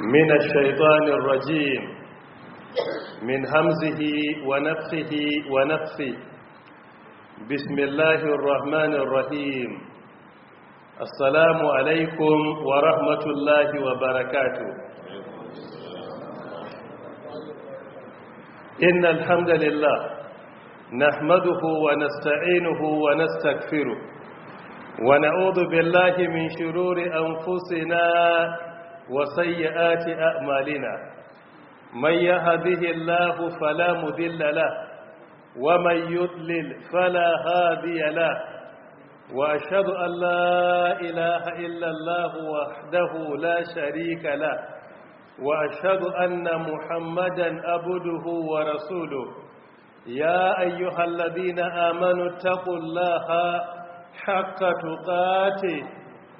من الشيطان الرجيم من همزه ونفخه ونفخه بسم الله الرحمن الرحيم السلام عليكم ورحمة الله وبركاته إن الحمد لله نحمده ونستعينه ونستكفره ونعوذ بالله من شرور أنفسنا وسيئات أعمالنا من يهده الله فلا مذل له ومن يضلل فلا هادي له وأشهد أن لا إله إلا الله وحده لا شريك له وأشهد أن محمدا أبده ورسوله يا أيها الذين آمنوا اتقوا الله حق تقاته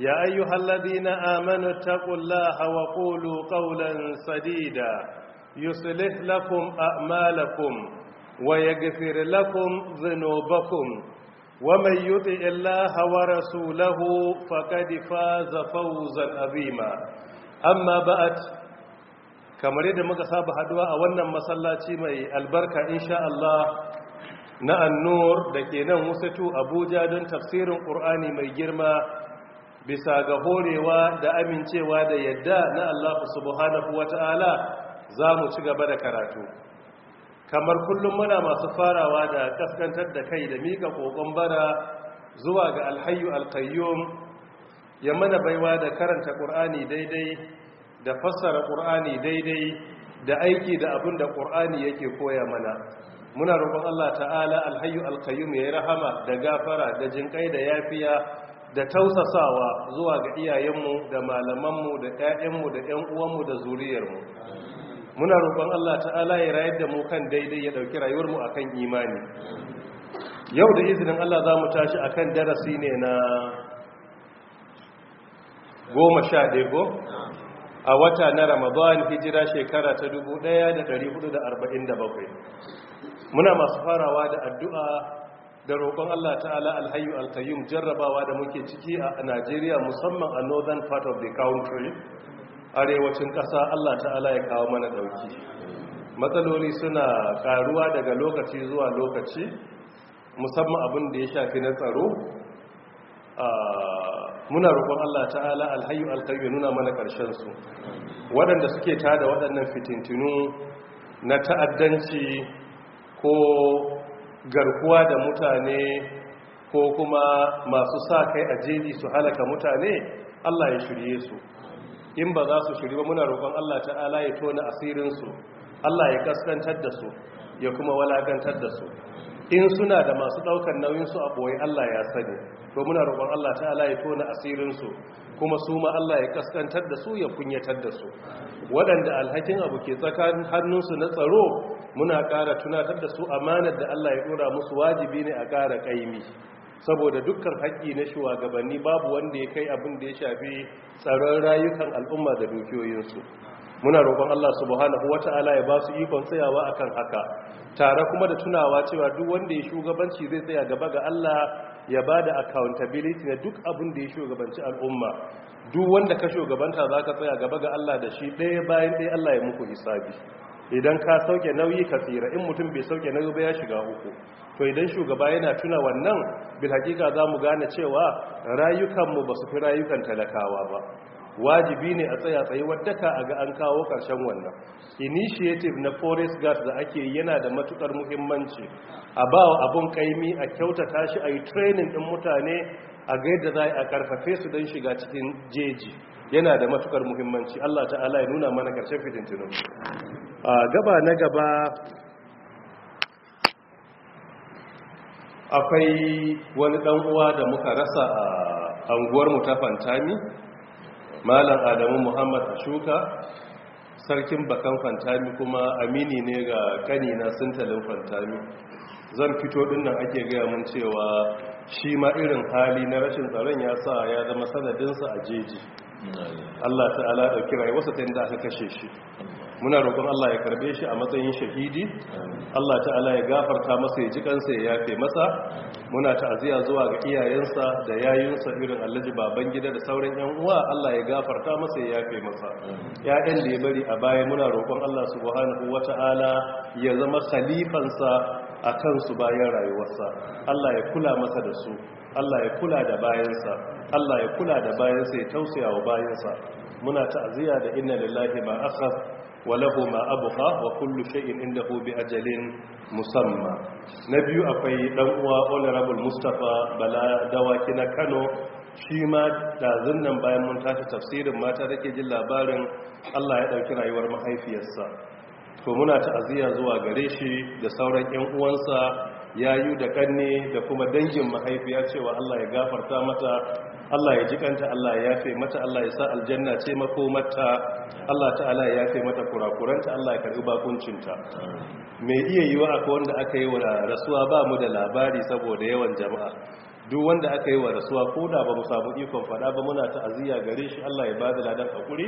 يا أيها الذين آمنوا اتقوا الله وقولوا قولا سديدا يصلح لكم أعمالكم ويغفر لكم ذنوبكم ومن يطع الله ورسوله فقد فاز فوزا عظيما أما بعد kamar yadda muka saba haduwa a wannan masallaci mai albarka insha Allah na annur da ke nan wasatu Abuja don tafsirin ƙur'ani mai girma bisa ga horewa da amincewa da yadda na Allah subhanahu ta'ala za mu ci gaba da karatu kamar kullum muna masu farawa da kaskantar da kai da miƙa ƙoƙon bara zuwa ga alhayu alkayyum ya mana baiwa da karanta ƙur'ani daidai da fassara ƙur'ani daidai da aiki da abin da ƙur'ani yake koya mana muna roƙon Allah ta'ala alhayu alkayyum ya rahama da gafara da jinƙai da yafiya da tausasawa zuwa ga iyayenmu da malamanmu da 'ya'yanmu da 'yan uwanmu da zuriyarmu muna roƙon Allah ta'ala ya rayar da mu kan daidai ya ɗauki rayuwarmu akan imani yau da izinin Allah za mu tashi akan darasi ne na goma sha ɗago a wata na ramadan hijira shekara ta ɗaya da bakwai. muna masu farawa da addu'a da roƙon Allah ta'ala alhayu alkayyum jarrabawa da muke ciki a Najeriya musamman a northern part of the country arewacin ƙasa Allah ta'ala ya kawo mana ɗauki matsaloli suna ƙaruwa daga lokaci zuwa lokaci musamman abin da ya shafi na tsaro muna roƙon Allah ta'ala alhayu alkayyum nuna mana ƙarshen su, waɗanda suke tada waɗannan fitintinu na ta'addanci ko garkuwa da mutane ko kuma masu sa kai a jeji su halaka mutane Allah ya shirye su in ba za su shiri ba muna roƙon Allah ta'ala ya tona asirinsu Allah ya kaskantar da su ya kuma walakantar da su in suna da masu daukar nauyinsu a boye Allah ya sani to muna roƙon Allah ta'ala ya tona su kuma su ma Allah ya kaskantar da su ya kunyatar da su waɗanda alhakin abu ke tsakanin hannun su na tsaro muna ƙara tunatar da su amanar da Allah ya dora musu wajibi ne a ƙara kaimi saboda dukkan haƙƙi na shugabanni babu wanda ya kai abin da ya shafi tsaron rayukan al'umma da dukiyoyinsu muna roƙon Allah subhanahu wata'ala ya ba su ikon tsayawa akan haka tare kuma da tunawa cewa duk wanda ya shugabanci zai tsaya gaba ga Allah ya ba da accountability na duk abin da ya shugabanci al'umma duk wanda ka shugabanta za ka tsaya gaba ga Allah da shi ɗaya bayan ɗaya Allah ya muku hisabi idan ka sauke nauyi ka tsira in mutum bai sauke nauyi ba ya shiga uku to idan shugaba yana tuna wannan bil hakika za mu gane cewa rayukanmu ba su fi rayukan talakawa ba wajibi ne a tsaya wadda daka a ga an kawo karshen wannan initiative na forest gas da ake yana da matukar muhimmanci a ba wa abun kaimi a kyautata shi a yi training din mutane a ga yadda za a karfafe su don shiga cikin jeji yana da matukar muhimmanci Allah ta'ala ya nuna mana karshen fitintinu a gaba na gaba akwai wani dan uwa da muka rasa a anguwar ta fantami malam adamu muhammad shuka sarkin bakan fantami kuma amini ne ga kanina sintalin fantami zan fito ɗinnan ake gaya mun cewa shi ma irin hali na rashin tsaron ya sa ya zama sanadinsa a jeji Allah ta'ala ɗauki rayuwarsa ta inda aka kashe shi muna roƙon Allah ya karbe shi a matsayin shahidi Allah ta'ala ya gafarta masa ya ji kansa ya yafe masa muna ta'aziya zuwa ga iyayensa da yayinsa irin Alhaji baban gida da sauran yan uwa Allah ya gafarta masa ya yafe masa ƴaƴan da ya bari a baya muna roƙon Allah subhanahu wata'ala ya zama khalifansa a kansu bayan rayuwarsa Allah ya kula masa da su Allah ya kula da bayansa Allah ya kula da bayansa ya tausaya wa bayansa muna ta'aziyya da inna lillahi ma walahu wa lahu ma abqa wa kullu shay'in indahu bi ajalin musamma na biyu akwai dan uwa honorable Mustafa Bala Dawaki na Kano shi ma da nan bayan mun tashi tafsirin mata take jin labarin Allah ya dauki rayuwar mahaifiyarsa to muna ta'aziyya zuwa gare shi da sauran ƴan uwansa Ya yayu da kanne da kuma dangin mahaifiya cewa Allah ya gafarta mata Allah ya jikanta Allah ya yafe mata Allah ya sa aljanna ce mako mata Allah ta'ala ya yafe mata kurakuranta Allah ya karbi bakuncinta mai iya yiwa akwai wanda aka yi wa rasuwa ba mu da labari saboda yawan jama'a duk wanda aka yi wa rasuwa ko da ba mu samu ikon fada ba muna ta'aziyya gare shi Allah ya bada ladan hakuri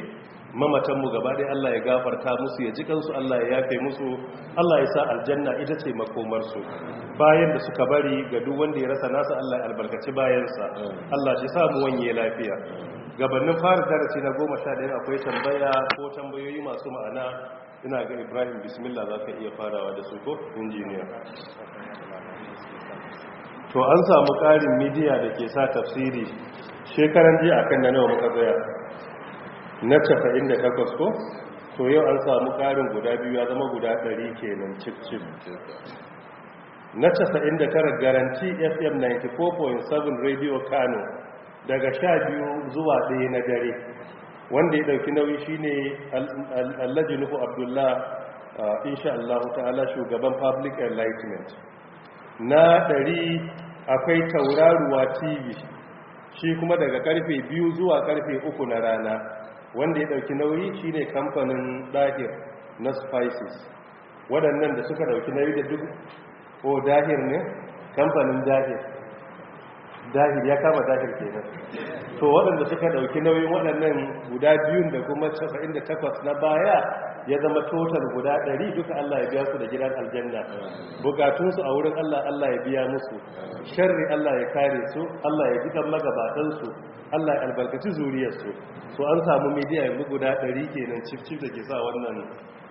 mamatan mu gaba dai Allah ya gafarta musu ya ji kansu Allah ya yafe musu Allah ya sa aljanna ita ce makomar su bayan da suka bari ga duk wanda ya rasa nasa Allah ya albarkaci bayan sa Allah ya sa mu wanye lafiya gabanin fara darasi na 11 akwai tambaya ko tambayoyi masu ma'ana ina ga Ibrahim bismillah zaka iya farawa da su ko injiniya to an samu ƙarin midiya da ke sa tafsiri shekaran jiya kan na nawa muka tsaya na casa'in da takwas ko to yau an samu ƙarin guda biyu ya zama guda ɗari kenan cif cif na casa'in da tara garanti fm 94.7 radio kano daga sha biyu zuwa ɗaya na dare wanda ya ɗauki nauyi shine ne nufu abdullah uh, insha Allah ta'ala shugaban public enlightenment na ɗari akwai tauraruwa tv shi kuma daga karfe biyu zuwa karfe uku na rana wanda ya ɗauki nauyi shine kamfanin dahir na spices waɗannan da suka ɗauki nauyi da duk o dahir ne kamfanin dahir dahir ya kama dahir kenan to waɗanda suka ɗauki nauyin waɗannan guda biyun da kuma 98 na baya ya zama total guda ɗari duka Allah ya biya su da gidan aljanna bukatunsu a wurin Allah Allah ya biya musu sharri Allah ya kare su Allah ya jikan magabatansu Allah ya albarkaci zuriyarsu Su an samu midiya yanzu guda ɗari kenan cif cif da ke sa wannan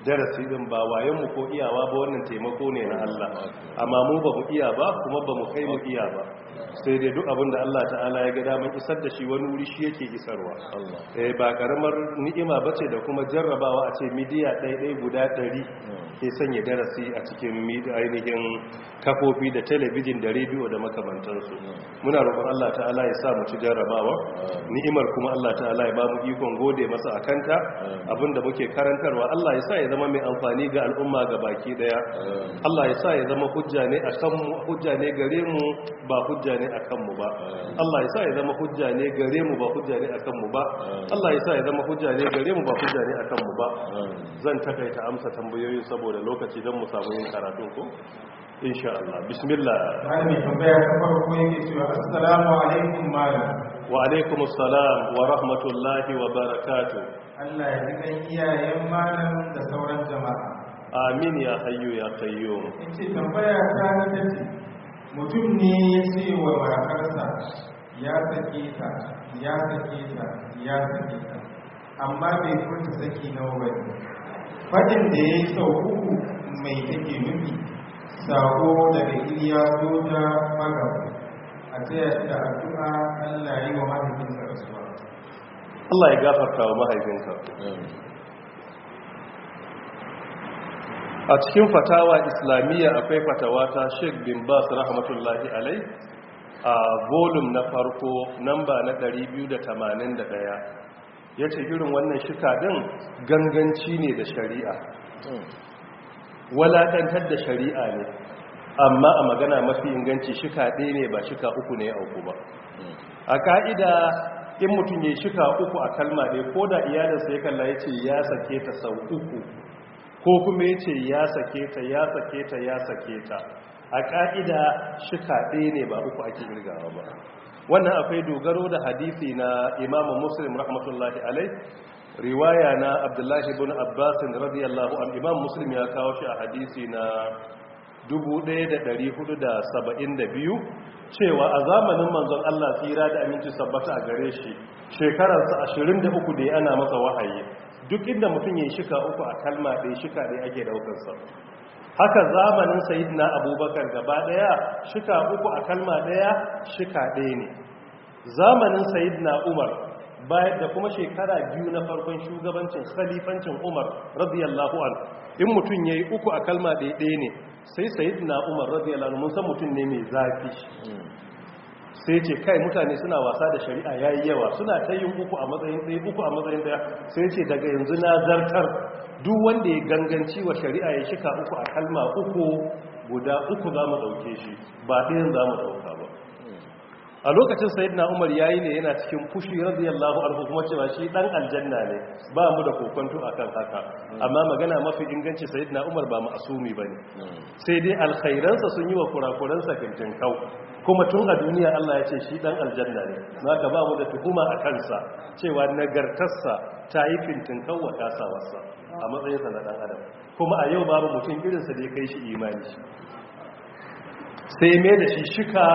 darasi din ba mu ko iyawa ba wannan taimako ne na Allah amma mu ba mu iya ba kuma ba mu kai mu iya ba sai dai duk abin da Allah ta'ala ya ga mai isar da shi wani wuri shi yake isarwa eh ba karamar ni'ima ba ce da kuma jarrabawa a ce midiya ɗaya ɗaya guda ɗari ke sanya darasi a cikin ainihin kafofi da talabijin da rediyo da makamantansu muna roƙon Allah ta'ala ya sa mu ci jarrabawa ni'imar kuma Allah ta'ala ya ba mu ikon gode masa akanta abinda muke karantarwa Allah ya sa ya zama mai amfani ga al'umma ga baki daya Allah ya sa ya zama hujja ne a kanmu hujja ne gare mu ba hujja hujja ne akan mu ba Allah ya sa ya zama hujja ne gare mu ba hujja ne akan mu ba Allah ya sa ya zama hujja ne gare mu ba hujja ne akan mu ba zan takaita amsa tambayoyin saboda lokaci don mu samu yin karatu ko insha Allah bismillah bani tambaya ta farko yake cewa assalamu alaikum malam wa alaikum assalam wa rahmatullahi wa barakatuh Allah ya rikan iyayen malam da sauran jama'a amin ya hayyu ya qayyum ce tambaya ta na mutum ne ya ce wa matarsa ya sake ta ya sake ta ya sake ta amma bai furta saki na ba fadin da ya yi sau mai take nufi sako daga iliya soja magabu a tsaye da addu'a allah yi wa mahaifinsa rasuwa Allah ya gafarta wa mahaifinka. a cikin fatawa islamiyya akwai fatawa ta sheik bin bas rahmatullahi alai a volum na farko namba na 281 ya ce irin wannan shika din ganganci ne da shari'a walakantar da shari'a ne amma a magana mafi inganci shika ɗaya ne ba shika uku ne auku ba a ka'ida in mutum ya shika uku a kalma ne ko da iyalinsa ya kalla ya ce ya sake ta sau uku ko kuma ya ce ya sake ta ya sake ta ya sake ta a ƙa'ida shika ɗaya ne ba uku ake girgawa ba wannan akwai dogaro da hadisi na imamu muslim rahmatullahi alai riwaya na abdullahi bin abbasin radiyallahu an imam muslim ya kawo shi a hadisi na 1472 cewa a zamanin manzon Allah tsira da aminci sabbata a gare shi shekararsa 23 da ya ana masa wahayi duk inda mutum ya shika uku a kalma ɗaya shika ɗaya ake daukarsa haka zamanin sayidina abubakar gaba ɗaya shika uku a kalma ɗaya shika ɗaya ne zamanin sayidina umar bayan da kuma shekara biyu na farkon shugabancin khalifancin umar radiyallahu an in mutum ya yi uku a kalma ɗaya ɗaya ne sai sayidina umar radiyallahu mun san mutum ne mai zafi hmm. sai ce kai mutane suna wasa da shari'a yayi yawa suna ta yin uku a matsayin ɗaya uku a matsayin ɗaya sai ce daga yanzu na zartar duk wanda ya ganganci wa shari'a ya shika uku a kalma uku guda uku za mu ɗauke shi ba ɗayan za mu ɗauka ba a lokacin sayyidina umar yi ne yana cikin fushi radiyallahu anhu kuma cewa shi dan aljanna ne ba mu da kokonto akan haka amma magana mafi inganci sayyidina umar ba mu ba bane sai dai alkhairansa sun yi wa kurakuransa kintin kau kuma tun a duniya Allah ya ce shi dan aljanna ne zaka ba mu da tuhuma a kansa cewa nagartarsa ta yi kintin kau wa kasawarsa a matsayinsa na dan adam kuma a yau babu mutum irin sa da ya kai shi imani sai mai da shi shika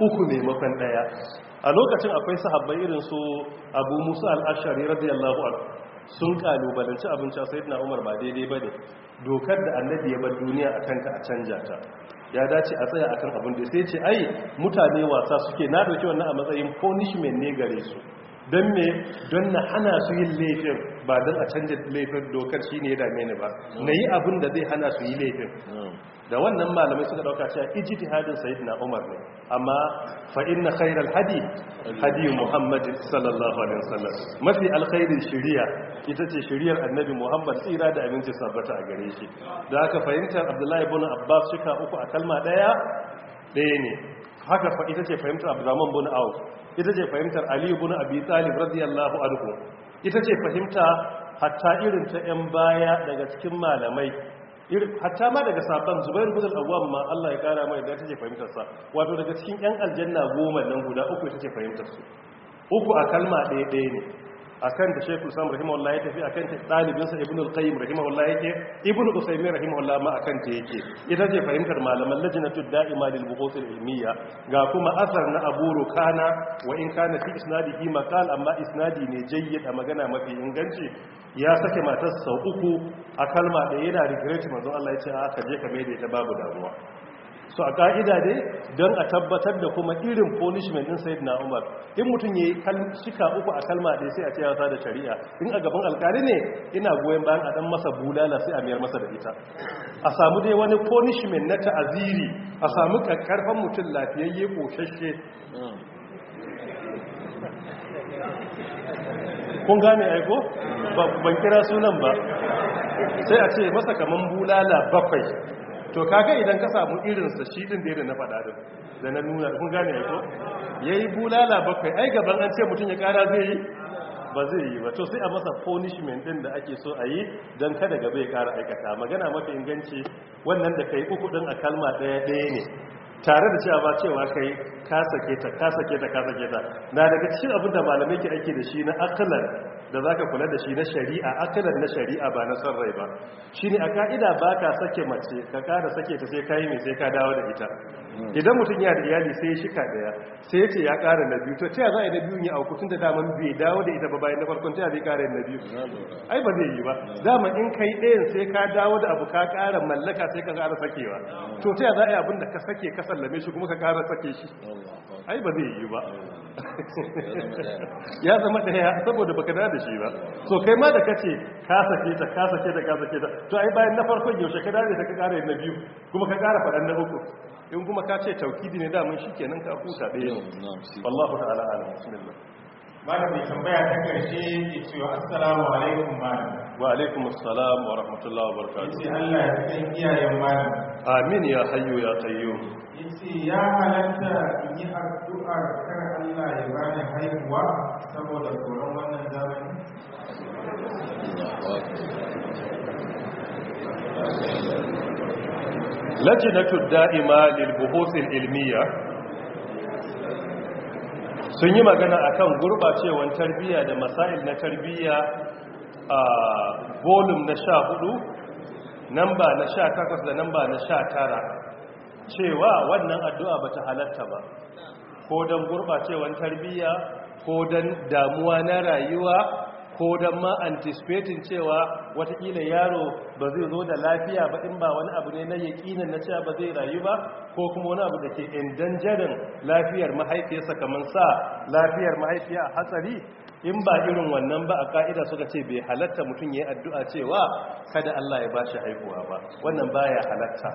uku maimakon daya a lokacin akwai sahabbai irin su abu musa al'ashari radiyallahu anhu sun kalubalanci abinci a sayyidina umar ba daidai ba ne dokar da annabi ya bar duniya a kanka a canja ta ya dace a tsaya akan abin da sai ce ai mutane wasa suke na dauki wannan a matsayin punishment ne gare su don me don na hana su yin laifin ba don a canja laifin dokar shi ne ya dame ni ba na yi abin da zai hana su yi laifin hmm. da wannan malamai suka dauka cewa ijtihadin sayyidina Umar ne amma fa inna khairal hadi hadi Muhammad sallallahu alaihi wasallam mafi alkhairi shari'a ita ce shari'ar Annabi Muhammad tsira da abinci sabbata a gare shi da haka fahimtar Abdullahi ibn Abbas shika uku a kalma daya daya ne haka fa ita ce fahimtar Abdurrahman ibn Auf ita ce fahimtar Ali ibn Abi Talib radiyallahu anhu ita ce fahimta hatta irin ta 'yan baya daga cikin malamai hatta ma daga safan, zubairu bin auwam ma Allah ya kara mai da ta ce fahimtarsa, wato daga cikin yan aljanna goma nan guda uku ya ce fahimtarsu. uku a kalma ɗaya ɗaya ne akan da Sheikhul Islam rahimahullah ya tafi akan ta dalibin sa Ibn al-Qayyim rahimahullah yake Ibn Usaymin rahimahullah ma akan ta yake ita ce fahimtar malaman lajnatud da'ima lil buhuth al-ilmiyya ga kuma asar na Abu Rukana wa in kana fi isnadihi maqal amma isnadi ne jayyid a magana mafi inganci ya sake matar sau uku a kalma da yana regret manzo Allah ya ce a ka je ka mai da ita babu damuwa so a ƙa'ida dai don a tabbatar da kuma irin punishment din sai na umar in mutum ya yi shika uku a kalma ɗaya sai a ce yasa da shari'a in a gaban alkali ne ina goyon bayan a ɗan masa bulala sai a miyar masa da ita a samu dai wani punishment na ta'aziri a samu karfan mutum lafiyayye shashe kun gane aiko ban kira sunan ba sai a ce masa kaman bulala bakwai to kaga idan ka samu irinsa shi din da na faɗa din da na nuna kun gane ya ko yayi bulala bakwai ai gaban an ce mutum ya kara zai yi ba zai yi ba to sai a masa punishment din da ake so a yi don kada gaba ya kara aikata magana mafi inganci wannan da kai uku din a kalma ɗaya ɗaya ne tare da cewa ba cewa kai ka sake ta ka sake ta na daga cikin abin da malamai ke ake da shi na akalar da zaka kula da shi na shari'a akalan na shari'a ba na san rai ba shine a ka'ida ba ka sake mace ka kara sake ta sai kai mai sai ka dawo da ita Hmm. idan mutum ya da iyali sai ya shika daya sai ya ce ya ƙara na biyu to ta za a yi na biyun ya auku tun da daman bai dawo da ita ba bayan na farkon ta zai ƙara na biyu ai ba zai yi ba dama in kai ɗayan sai ka dawo da abu ka ƙara mallaka sai ka ƙara sakewa to ta za a yi abin da ka sake ka sallame shi kuma ka ƙara sake shi ai ba zai yi ba ya zama ɗaya saboda baka da shi ba so kai ma da kace ka sake ta ka sake ta ka sake ta to ai bayan na farkon yaushe ka dawo da ka ƙara na biyu kuma ka ƙara faɗan na uku in kuma ka ce taukidi ne damun shi kenan ka kuta ɗaya ne wallahu ta'ala ala bismillah malam tambaya ta karshe ke cewa assalamu alaikum malam wa alaikum assalam wa rahmatullahi wa barakatuh yace Allah ya san iyayen malam amin ya hayyu ya qayyum yace ya halatta in yi addu'a kar Allah ya ni haihuwa saboda tsoron wannan zamani Thank you. lajinatud da'ima lil buhuthil ilmiya sun yi magana akan gurɓacewar tarbiyya da masail na tarbiyya a volume na hudu, namba na sha takwas, da namba na sha tara, cewa wannan addu'a bata halatta ba ko don gurɓacewar tarbiyya ko don damuwa na rayuwa ko don ma anticipating cewa watakila yaro ba zai zo da lafiya ba in ba wani abu ne na yaƙinan na cewa ba zai rayu ba ko kuma wani abu da ke endangerin lafiyar mahaifiyarsa kamar sa lafiyar mahaifiya a hatsari in ba irin wannan ba a ka'ida suka ce bai halatta mutum ya yi addu'a cewa kada Allah ya ba shi haihuwa ba wannan ba ya halatta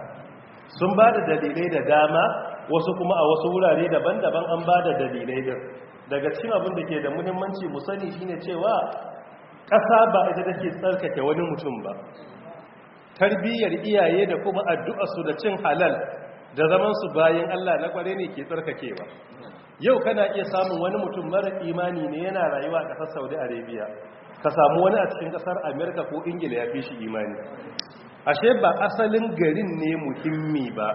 sun ba da dalilai da dama wasu kuma a wasu wurare daban-daban an ba da dalilai din daga cikin abin da ke da muhimmanci mu sani shine cewa ƙasa ba ita ke tsarkake wani mutum ba tarbiyyar iyaye da kuma addu'arsu da cin halal da zaman su bayan Allah na kware ne ke tsarkakewa yau kana iya samun wani mutum mara imani ne yana rayuwa a ƙasar saudi arabia ka samu wani a cikin ƙasar amerika ko ingila ya fi shi imani ashe ba asalin garin ne muhimmi ba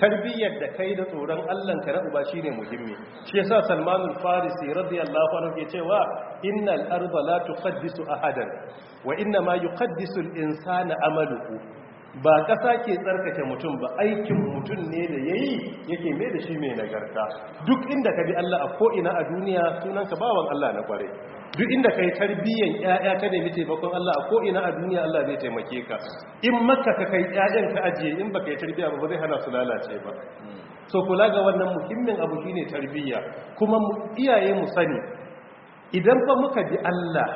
tarbiyyar da kai da tsoron allahn ka ra'uba shine muhimmi shi yasa Salmanul Farisi radiyallahu anhu ke cewa innal arda la tuqaddisu ahadan wa inna ma yuqaddisu al-insana amaluhu ba kasa ke tsarkake mutum ba aikin mutum ne da yayi yake mai da shi mai nagarta duk inda ka bi Allah a ko ina a duniya sunanka bawan Allah na kware duk inda kai tarbiyyar ƴaƴa ka nemi taimakon Allah ko ina a duniya Allah zai taimake ka in maka ka kai ƴaƴan ka ajiye in baka yi tarbiyya ba zai hana su lalace ba so kula ga wannan muhimmin abu shine tarbiyya kuma mu iyaye mu sani idan fa muka bi Allah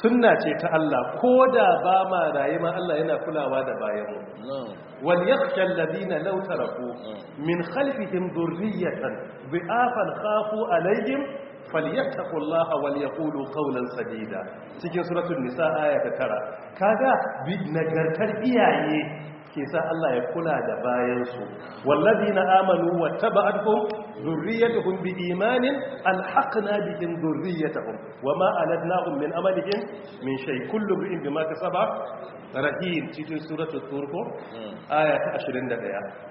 sunna ce ta Allah ko da ba ma raye ma Allah yana kulawa da bayan mu wal yakhsha alladhina law taraku min khalfihim dhurriyatan bi'afan khafu alaihim falyattaqullaha wal yaqulu qawlan sadida cikin suratul nisa aya ta tara kaga bi nagartar iyaye ke sa Allah ya kula da bayansu wallazina amanu wattaba'atuhum dhurriyyatuhum biimanin alhaqna bihim dhurriyyatuhum wama aladnahum min amalihim min shay kullu bi'in bima kasaba rahim cikin suratul turko aya ta 21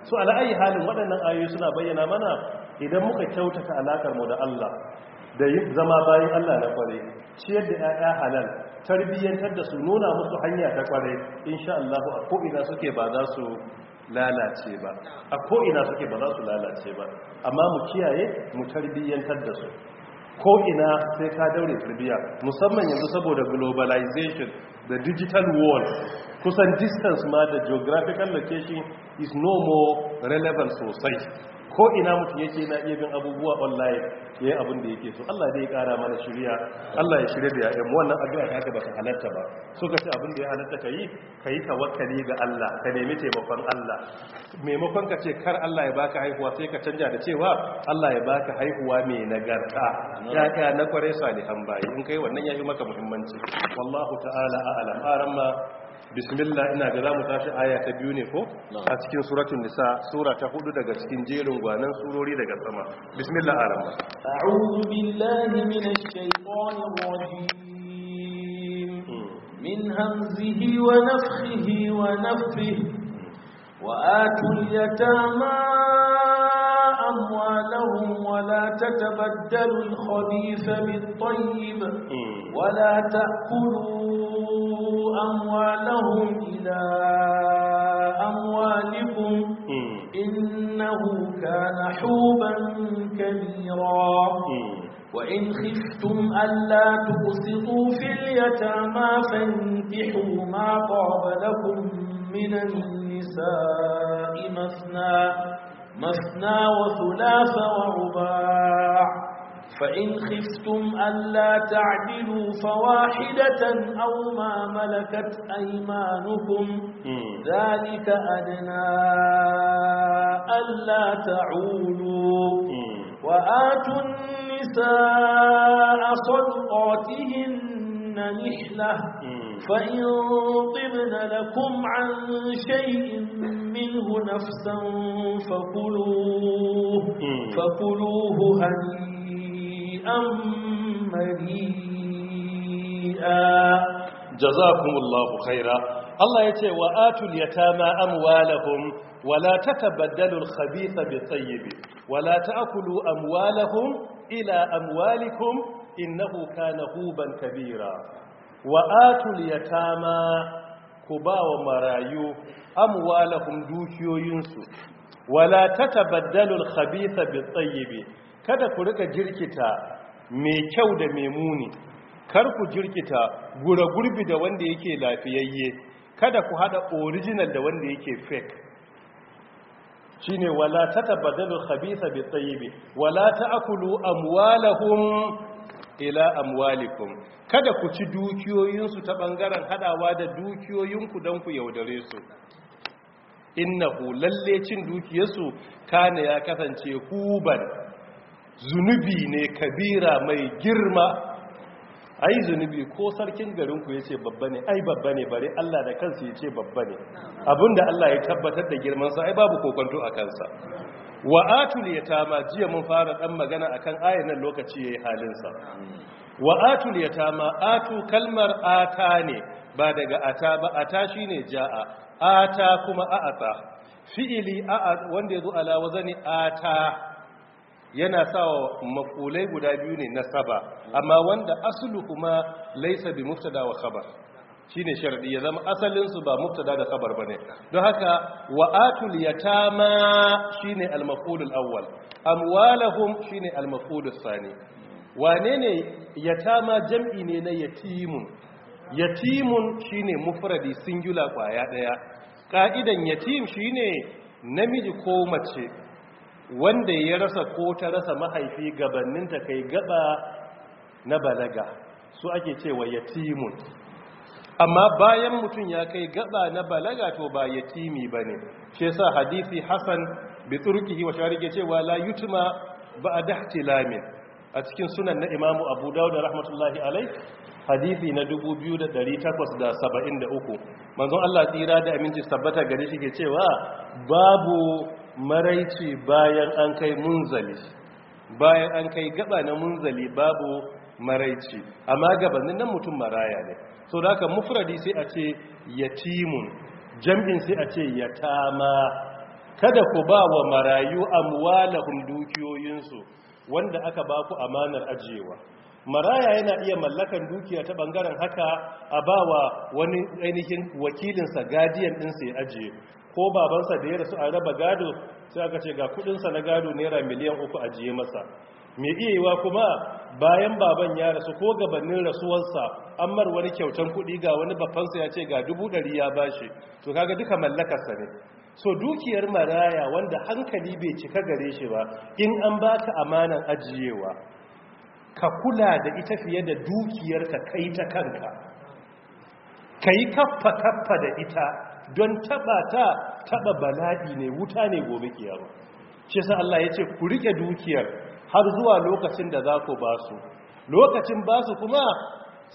so ala ayi halin waɗannan ayoyi suna bayyana mana idan muka kyautata alakar mu da Allah da yi zama bayan Allah na kware ciyar da 'ya'ya halal tarbiyyantar da su nuna musu hanya ta kware insha Allah a ko'ina suke ba za su lalace ba a ko'ina suke ba za su lalace ba amma mu kiyaye mu tarbiyyantar da su ko'ina sai ka daure tarbiyya musamman yanzu saboda globalization the digital world kusan distance ma da geographical location is no more relevant sosai ko ina mutum yake na iya bin abubuwa online ya yi abin da yake so Allah da ya kara mana shirya Allah ya shirya da ya'yan wannan addu'a da ba ta halatta ba so ka ce abin da ya halatta ka yi ka yi tawakkali ga Allah ka nemi taimakon Allah maimakon ka ce kar Allah ya baka haihuwa sai ka canja da cewa Allah ya baka haihuwa mai nagarta ya na kware salihan bayi in kai wannan ya yi maka muhimmanci wallahu ta'ala a'lam aran bismillah ina ga zamu tashi aya ta biyu ne ko a cikin suratul nisa sura ta hudu daga cikin jerin gwanan surori daga sama bismillah arama a'udhu billahi minash shaitanir rajim min hamzihi wa nafthihi wa nafthihi wa atul yatama أموالهم ولا تتبدلوا الخبيث بالطيب ولا تأكلوا أموالهم إلى أموالكم إنه كان حوبا كبيرا وإن خفتم ألا تقسطوا في اليتامى فانكحوا ما طاب لكم من النساء مثنى مثنى وثلاث ورباع فإن خفتم ألا تعدلوا فواحدة أو ما ملكت أيمانكم ذلك أدنى ألا تعولوا وآتوا النساء صدقاتهن نحلة فإن طبن لكم عن شيء منه نفسا فكلوه فكلوه هنيئا مريئا جزاكم الله خيرا الله يتي وآتوا اليتامى أموالهم ولا تتبدلوا الخبيث بالطيب ولا تأكلوا أموالهم إلى أموالكم innahu kana huban kabira wa atul yatama ku ba wa marayu amwalahum dukiyoyinsu wala tatabaddalu khabitha bit kada ku rika jirkita mai kyau da mai muni kar ku jirkita gura gurbi da wanda yake lafiyayye kada ku hada original da wanda yake fake shine wala tatabaddalu khabitha bit-tayyib wala taakulu amwalahum ila amwalikum kada ku ci dukiyoyinsu ta bangaren hadawa da dukiyoyinku don ku yaudare su innahu lalle cin dukiyarsu kana ya kasance huban zunubi ne kabira mai girma ai zunubi ko sarkin garinku ya ce babba ne ai babba ne bare Allah da kansa ya ce babba ne abinda Allah ya tabbatar da girman sa ai babu kokonto a kansa wa atul yatama jiya mun fara dan magana akan ayan nan lokaci yayi halinsa wa atul yatama atu kalmar ata ne ba daga ata ba ata shine jaa ata kuma a'ata fi'ili a wanda yazo ala wazani ata yana sawa mafulai guda biyu ne na saba, amma wanda asulu kuma laisa bi muftada wa khabar shine sharadi ya zama asalin su ba muftada da khabar bane don haka wa atul yatama shine al maf'ul al awwal amwaluhum shine al maf'ul al thani wane ne yatama jam'i ne na yatimun yatimun shine mufradi singular kwaya daya ka'idan yatim shine namiji ko mace wanda ya rasa ko ta rasa mahaifi ta kai gaba na balaga su ake cewa yatimun amma bayan mutum ya kai gaba na balaga to ba yatimi bane ne ce hadisi hadithi hassan turkihi wa ke cewa la a dahti lamin a cikin sunan na imamu abu dawud rahmatullahi alai hadisi na 2873 manzon Allah tsira da aminci tabbata gari shi ke cewa babu maraici bayan an kai munzali bayan an kai gaba na munzali babu maraici amma gabanin nan mutum maraya ne so da haka mufradi sai a ce yatimun jam'in sai a ce ya yatama kada ku ba wa marayu amwalahum dukiyoyinsu wanda aka ba ku amanar ajiyewa maraya yana iya mallakan dukiya ta bangaren haka a bawa wani ainihin wakilinsa gadiyan ɗinsa ya ajiye ko babansa da ya rasu a raba gado sai aka ce ga kudinsa na gado naira miliyan uku a ajiye masa mai iya yiwa kuma bayan baban ya rasu ko gabanin rasuwarsa an mar wani kyautan kudi ga wani babansa ya ce ga dubu ɗari ya bashi to kaga duka mallakarsa ne so dukiyar maraya wanda hankali bai cika gare shi ba in an ba ka amanan ajiyewa ka kula da ita fiye da dukiyarka kai ta kanka ka yi kaffa kaffa da ita don taba ta taba bala'i ne wuta ne gobe kiyama shi sa Allah ya ce ku rike dukiyar har zuwa lokacin da za ku ba su lokacin ba su kuma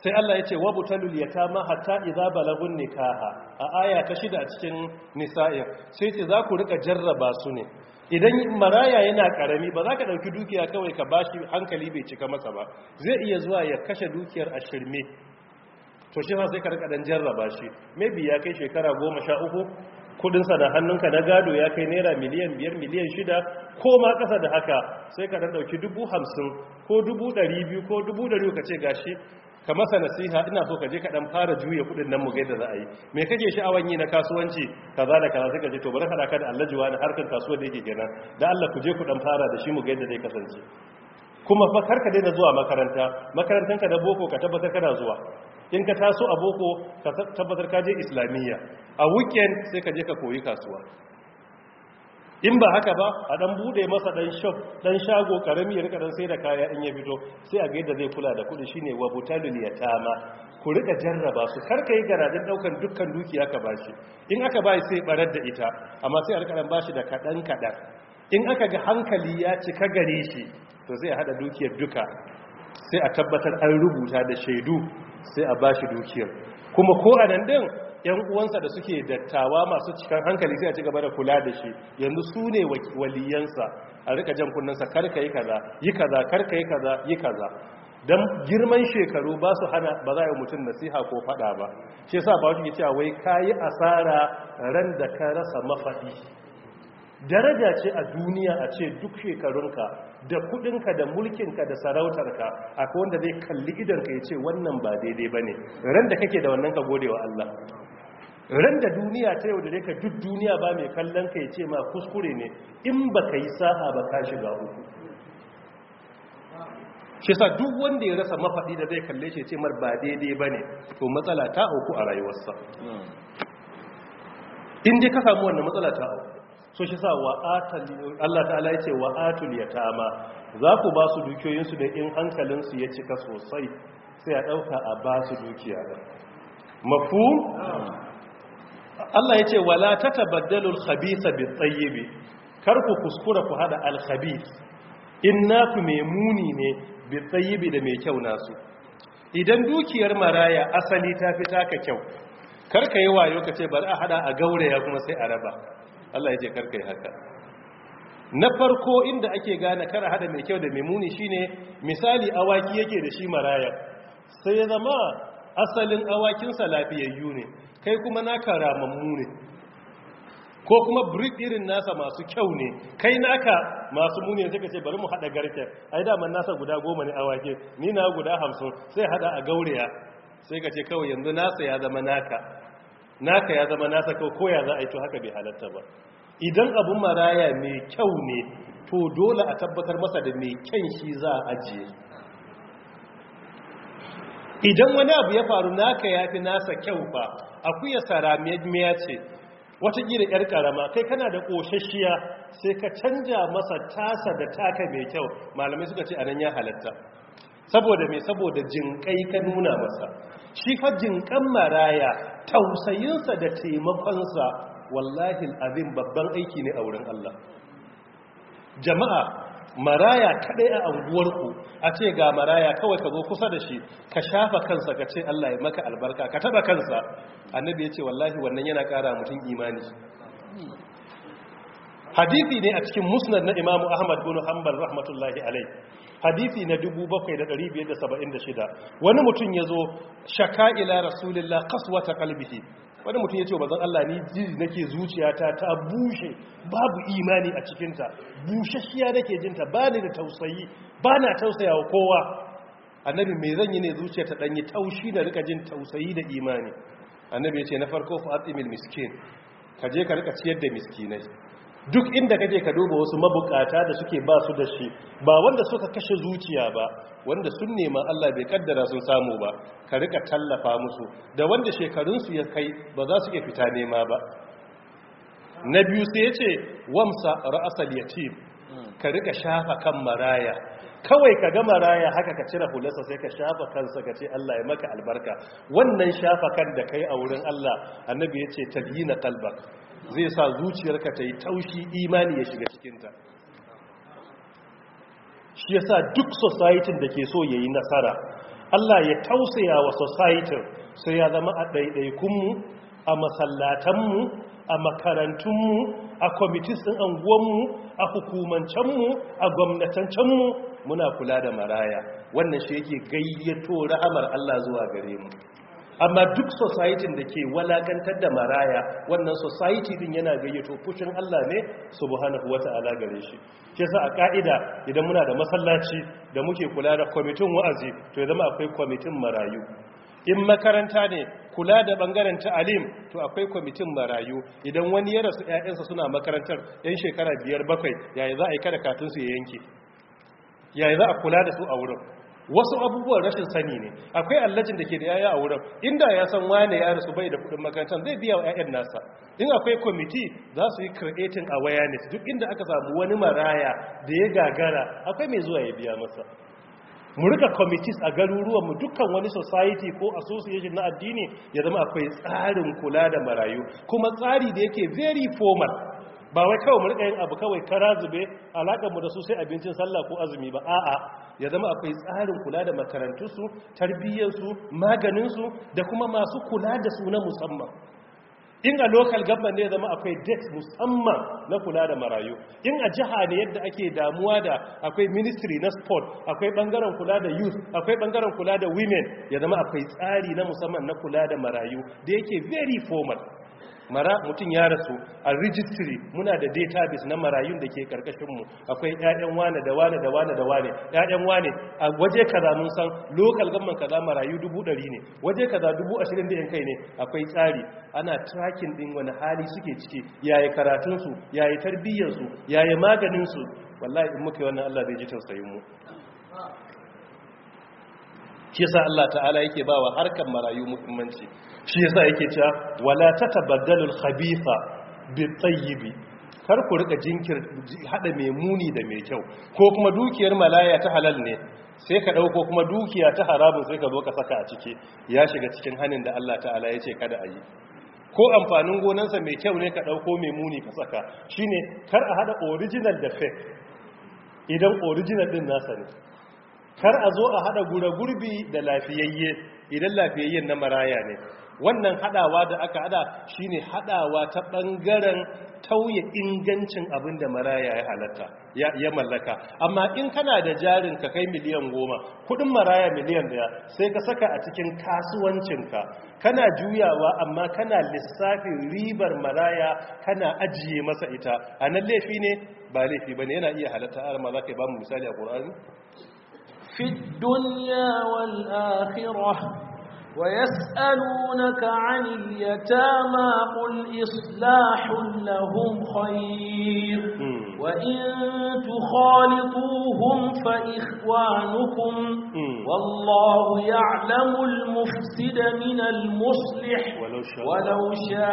sai Allah ya ce wabutalul yatama hatta idza balagun nikaha a aya ta shida a cikin nisa'in sai ce za ku rika jarraba su ne idan maraya yana karami ba za ka ɗauki dukiya kawai ka bashi hankali bai cika masa ba zai iya zuwa ya kashe dukiyar a shirme to shi sai ka dan jarraba shi maybe ya kai shekara goma sha uku kudin sa da hannunka na gado ya kai naira miliyan biyar miliyan shida ko ma kasa da haka sai ka dan dauki dubu hamsin ko dubu ɗari ko dubu ka ce gashi ka masa nasiha ina so ka je ka dan fara juya kudin nan mu gaida za a yi me kake sha'awan yi na kasuwanci kaza da kaza sai ka je to bari ka da Allah jiwa da harkar kasuwa da yake kenan da Allah ku je ku dan fara da shi mu gaida zai kasance kuma fa karka daina zuwa makaranta makarantanka da boko ka tabbatar kana zuwa in ka taso a boko ka tabbatar ka je islamiyya a weekend sai ka je ka koyi kasuwa in ba haka ba a dan bude masa dan shop dan shago karami ya rika dan sai da kaya in ya fito sai a ga yadda zai kula da kudi shine wa ya tama. ku rika jarraba su kar yi garadin daukan dukkan dukiya ka bashi in aka bai sai barar da ita amma sai a rika dan bashi da kadan kadan in aka ga hankali ya cika gare shi to zai hada dukiyar duka sai a tabbatar an rubuta da shaidu sai a bashi dukiyar kuma ko a nan din yan uwansa da suke dattawa masu cikan hankali sai a ci gaba da kula da shi yanzu su ne waliyansa a rika jan kunnansa karka yi kaza yi kaza karka yi kaza yi kaza dan girman shekaru ba su hana ba za a yi mutum nasiha ko fada ba shi yasa ba shi cewa wai yi asara ran da ka rasa mafadi daraja ce a duniya a ce duk shekarunka da kudinka da mulkinka da sarautarka akwai wanda zai kalli idanka ya ce wannan ba daidai ba ne ran da kake da wannan ka gode wa Allah ran da duniya ta yau da ka duk duniya ba mai kallon ka ya ce ma kuskure ne in ba ka yi sa'a ba ka shiga uku shi sa duk wanda ya rasa mafaɗi da zai kalle shi ya ce mar ba daidai ba ne to matsala ta auku a rayuwarsa hmm. in dai ka samu wannan matsala ta auku so shi sa Allah ta'ala ya ce wa atul yatama za ku ba su dukiyoyinsu da in hankalinsu ya cika sosai sai a ɗauka a ba su dukiya ɗin mafu Allah ya ce wala ta tabaddalul khabisa bi tsayyibi kar ku kuskura ku hada alkhabis in naku mai muni ne bi tsayyibi da mai kyau nasu idan dukiyar maraya asali ta fi taka kyau kar ka yi wayo ka ce bari a hada a gauraya kuma sai a raba Allah ya ce karka yi haka na farko inda ake gane kara hada mai kyau da mai muni shine misali awaki yake da shi maraya sai ya zama asalin awakinsa lafiyayyu ne kai kuma naka ramammu ne ko kuma birik irin nasa masu kyau ne kai naka masu muni ne suka ce bari mu hada garken ai da man nasa guda goma ne awake ni na guda hamsin sai hada a gauriya sai ka ce kawai yanzu nasa ya zama naka naka ya zama nasa kawai ko ya za a yi to haka bai halatta ba idan abun maraya mai kyau ne to dole a tabbatar masa da mai kyan shi za a ajiye idan wani abu ya faru naka ya fi nasa kyau ba akuya sara miya ce gina yar karama kai kana da ƙoshashiya sai ka canja masa tasa da taka mai kyau malamai suka ce anan ya halatta saboda mai saboda jinƙai ka nuna masa shi fa jinƙan maraya tausayinsa da taimakonsa wallahi abin babban aiki ne a wurin Allah jama'a maraya ta ɗaya a anguwarku a ce ga maraya kawai ka zo kusa da shi ka shafa kansa ka ce Allah ya maka albarka ka taba kansa annabi ya ce wallahi wannan yana kara mutum imani hadisi ne a cikin musnad na imamu ahmad bin hanbal rahmatullahi alai hadisi na 7576 wani mutum ya zo shaka ila rasulillah kaswata kalbihi wani mutum ya ce bazan Allah ni jiri nake zuciyata ta bushe babu imani a cikinta bushashiya nake jinta ba ni da tausayi ba na tausaya wa kowa annabi mai zan yi ne zuciya ta danyi taushi da rika jin tausayi da imani annabi ya ce na farko fa'atimil miskin ka je ka rika ciyar da miskinai duk inda kaje ka duba wasu mabukata da suke ba su da shi ba wanda suka kashe zuciya ba wanda sun nema Allah bai kaddara sun samu ba ka rika tallafa musu da wanda shekarunsu ya kai ba za su ke fita nema ba na biyu sai ya ce wamsa ra'asal yatim ka rika shafa kan maraya kawai ka ga maraya haka ka cire hulasa sai ka shafa kansa ka ce Allah ya maka albarka wannan shafa kan da kai a wurin Allah annabi ya ce talyina qalbak zai sa zuciyarka ta yi taushi imani ya shiga cikinta shi ya sa duk society da ke so ya yi nasara Allah ya tausaya wa society sai ya zama a ɗaiɗaikunmu a masallatanmu a makarantunmu a kwamitis ɗin anguwanmu a hukumancenmu a gwamnatancenmu muna kula da maraya wannan shi yake gayyato rahamar Allah zuwa gare mu amma duk society da ke walakantar da maraya wannan society din yana gayyato fushin Allah ne subhanahu wata'ala gare shi Ke sa a ka'ida idan muna da masallaci da muke kula da kwamitin wa'azi to ya zama akwai kwamitin marayu in makaranta ne kula da bangaren ta'alim to akwai kwamitin marayu idan wani ya rasu ƴaƴansa suna makarantar yan shekara biyar bakwai yayi za a yi kada katunsu ya yanke yayi za a kula da su a wurin wasu abubuwan rashin sani ne akwai allajin da ke da yaya a wurin inda ya san wane ya rasu bai da kudin makarantar zai biya wa 'ya'yan nasa in akwai kwamiti za su yi a creating awareness duk inda aka samu wani maraya da ya gagara akwai mai zuwa ya biya masa mu rika committees a garuruwan mu dukkan wani society ko association na addini ya zama akwai tsarin kula da marayu kuma tsari da yake very formal ba wai kawai mu yin abu kawai kara zube alakar mu da su sai abincin sallah ko azumi ba a'a ya zama akwai tsarin kula da makarantunsu, tarbiyyarsu, maganinsu, da kuma masu kula da su na musamman in a local government ne zama akwai dex musamman na kula da marayu in a jiha ne yadda ake damuwa da akwai ministry na sport akwai bangaren kula da youth akwai bangaren kula da women ya zama akwai tsari na musamman na kula da marayu da yake very formal mara mutum ya rasu a registry muna da database na marayun da ke karkashinmu akwai 'ya'yan wane da wane da wane da wane 'ya'yan wane a waje kaza mun san local government kaza marayu dubu ɗari ne waje kaza dubu ashirin da yankai kai ne akwai tsari ana tracking ɗin wani hali suke ciki yayi karatunsu yayi tarbiyyarsu yayi maganinsu wallahi in muka yi wannan allah zai ji tausayin mu shi yasa Allah ta'ala yake bawa harkar marayu muhimmanci shi yasa yake cewa wala tatabaddalu al-khabitha bi tayyib kar ku rika jinkir hada mai muni da mai kyau ko kuma dukiyar malaya ta halal ne sai ka dauko kuma dukiya ta harabin, sai ka zo ka saka a ciki ya shiga cikin hanin da Allah ta'ala yace kada a yi ko amfanin gonansa mai kyau ne ka dauko mai muni ka saka shine kar a hada original da fake idan original din nasa ne kar a zo a hada gura gurbi da lafiyayye idan lafiyayyen na maraya ne wannan hadawa da aka hada shine hadawa ta bangaren tauye ingancin abin da maraya ya halatta ya, mallaka amma in kana da jarin ka kai miliyan goma kudin maraya miliyan daya sai ka saka a cikin kasuwancinka kana juyawa amma kana lissafin ribar maraya kana ajiye masa ita a nan laifi ne ba laifi ba ne yana iya halatta ma za ka yi ba mu misali a ƙorani في الدنيا والآخرة ويسألونك عن اليتامى قل إصلاح لهم خير وإن تخالطوهم فإخوانكم والله يعلم المفسد من المصلح ولو شاء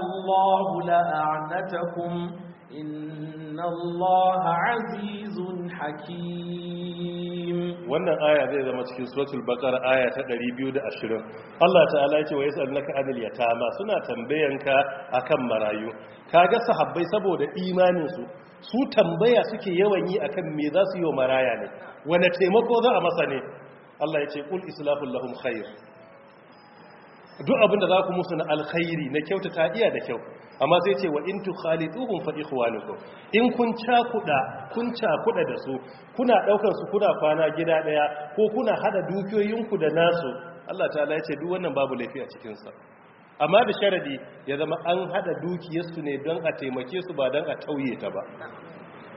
الله لأعنتكم inna allaha azizun hakim wannan aya zai zama cikin suratul baqara aya ta 220 Allah ta'ala ya ce wa yas'alunaka anil yatama suna tambayanka akan marayu kaga sahabbai saboda imanin su su tambaya suke yawan yi akan me za su yi wa maraya ne wane taimako za a masa ne Allah ya ce kul islahul lahum khair duk abin da za ku musu na alkhairi na kyauta ta iya da kyau amma zai ce wa in khalituhum fa ikhwanukum in kun cakuda kun cakuda da su kuna daukar su kuna kwana gida daya ko kuna hada dukiyoyinku da nasu Allah ta'ala ya ce duk wannan babu laifi a cikin sa amma da sharadi ya zama an hada dukiyarsu ne don a taimake su ba don a tauye ta ba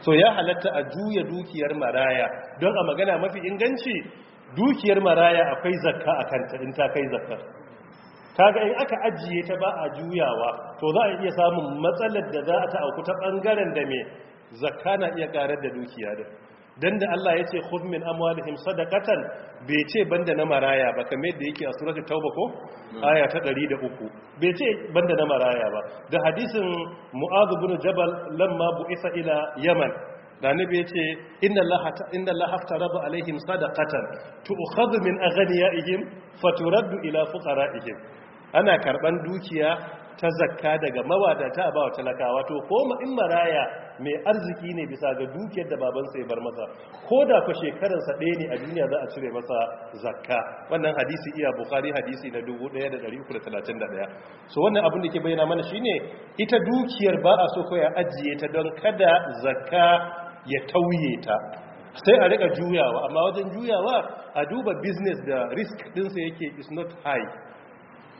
so ya halatta a juya dukiyar maraya don a magana mafi inganci dukiyar maraya akwai zakka a kanta in ta kai zakkar kaga in aka ajiye ta ba a juyawa to za a iya samun matsalar da za a ta auku ta bangaren da me zakka na iya karar da dukiya da. dan da Allah ya ce khudh min amwalihim sadaqatan bai ce banda na maraya ba kamar yadda yake a suratul tauba ko hmm. aya ta 103 bai ce banda na maraya ba da hadisin mu'adh ibn jabal lamma bu'isa ila yaman da nabi ce inna allaha inna allaha aftaraba alaihim sadaqatan tu'khadhu min aghniyaihim faturaddu ila fuqaraihim ana karban dukiya ta zakka daga ta a bawa talaka wato, ko in maraya mai arziki ne bisa ga dukiyar da babansa ya bar masa ko da fa shekararsa ɗaya ne a duniya za a cire masa zakka wannan hadisi iya bukari hadisi na 1331 so wannan abin da ke bayyana mana shine ita dukiyar ba a so ko ya ajiye ta don kada zakka ya tauye ta sai a rika juyawa amma wajen juyawa a duba business da risk ɗinsa yake is not high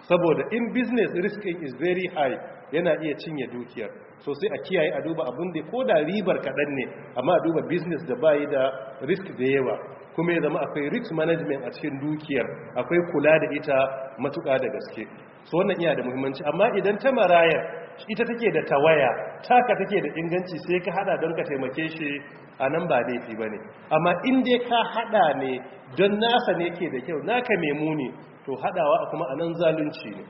saboda in business risk is very high yana iya cinye dukiyar so sai a kiyaye a duba abun da ko da ribar kaɗan ne amma a duba business da bayi da risk da yawa kuma ya zama akwai risk management a cikin dukiyar akwai kula da ita matuƙa da gaske so wannan iya da muhimmanci amma idan ta marayar ita take da tawaya taka take da inganci sai ka hada don ka taimake shi Anan nan ba laifi ba ne amma inda ka haɗa ne don nasa ne ke da kyau naka memu ne to hadawa a kuma anan zalunci ne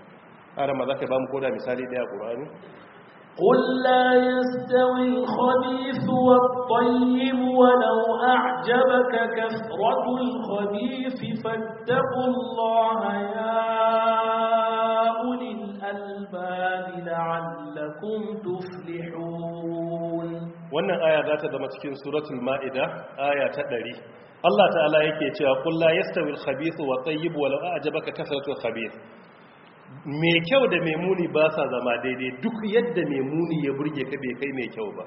arama za ka ba mu koda misali daya ƙorani kulla ya zawin khalifu wa ƙwayimu wa na'uwa a jaba ka kafin khalifu fattakullawa ya unin albani na'allakun tuflihun wannan aya za ta zama cikin suratul ma'ida aya ta ɗari. Allah ta'ala yake cewa kula la yastawi al-khabithu wa at wa law a'jabaka kathratu al-khabith mai kyau da mai muni ba sa zama daidai duk yadda mai muni ya burge ka bai kai mai kyau ba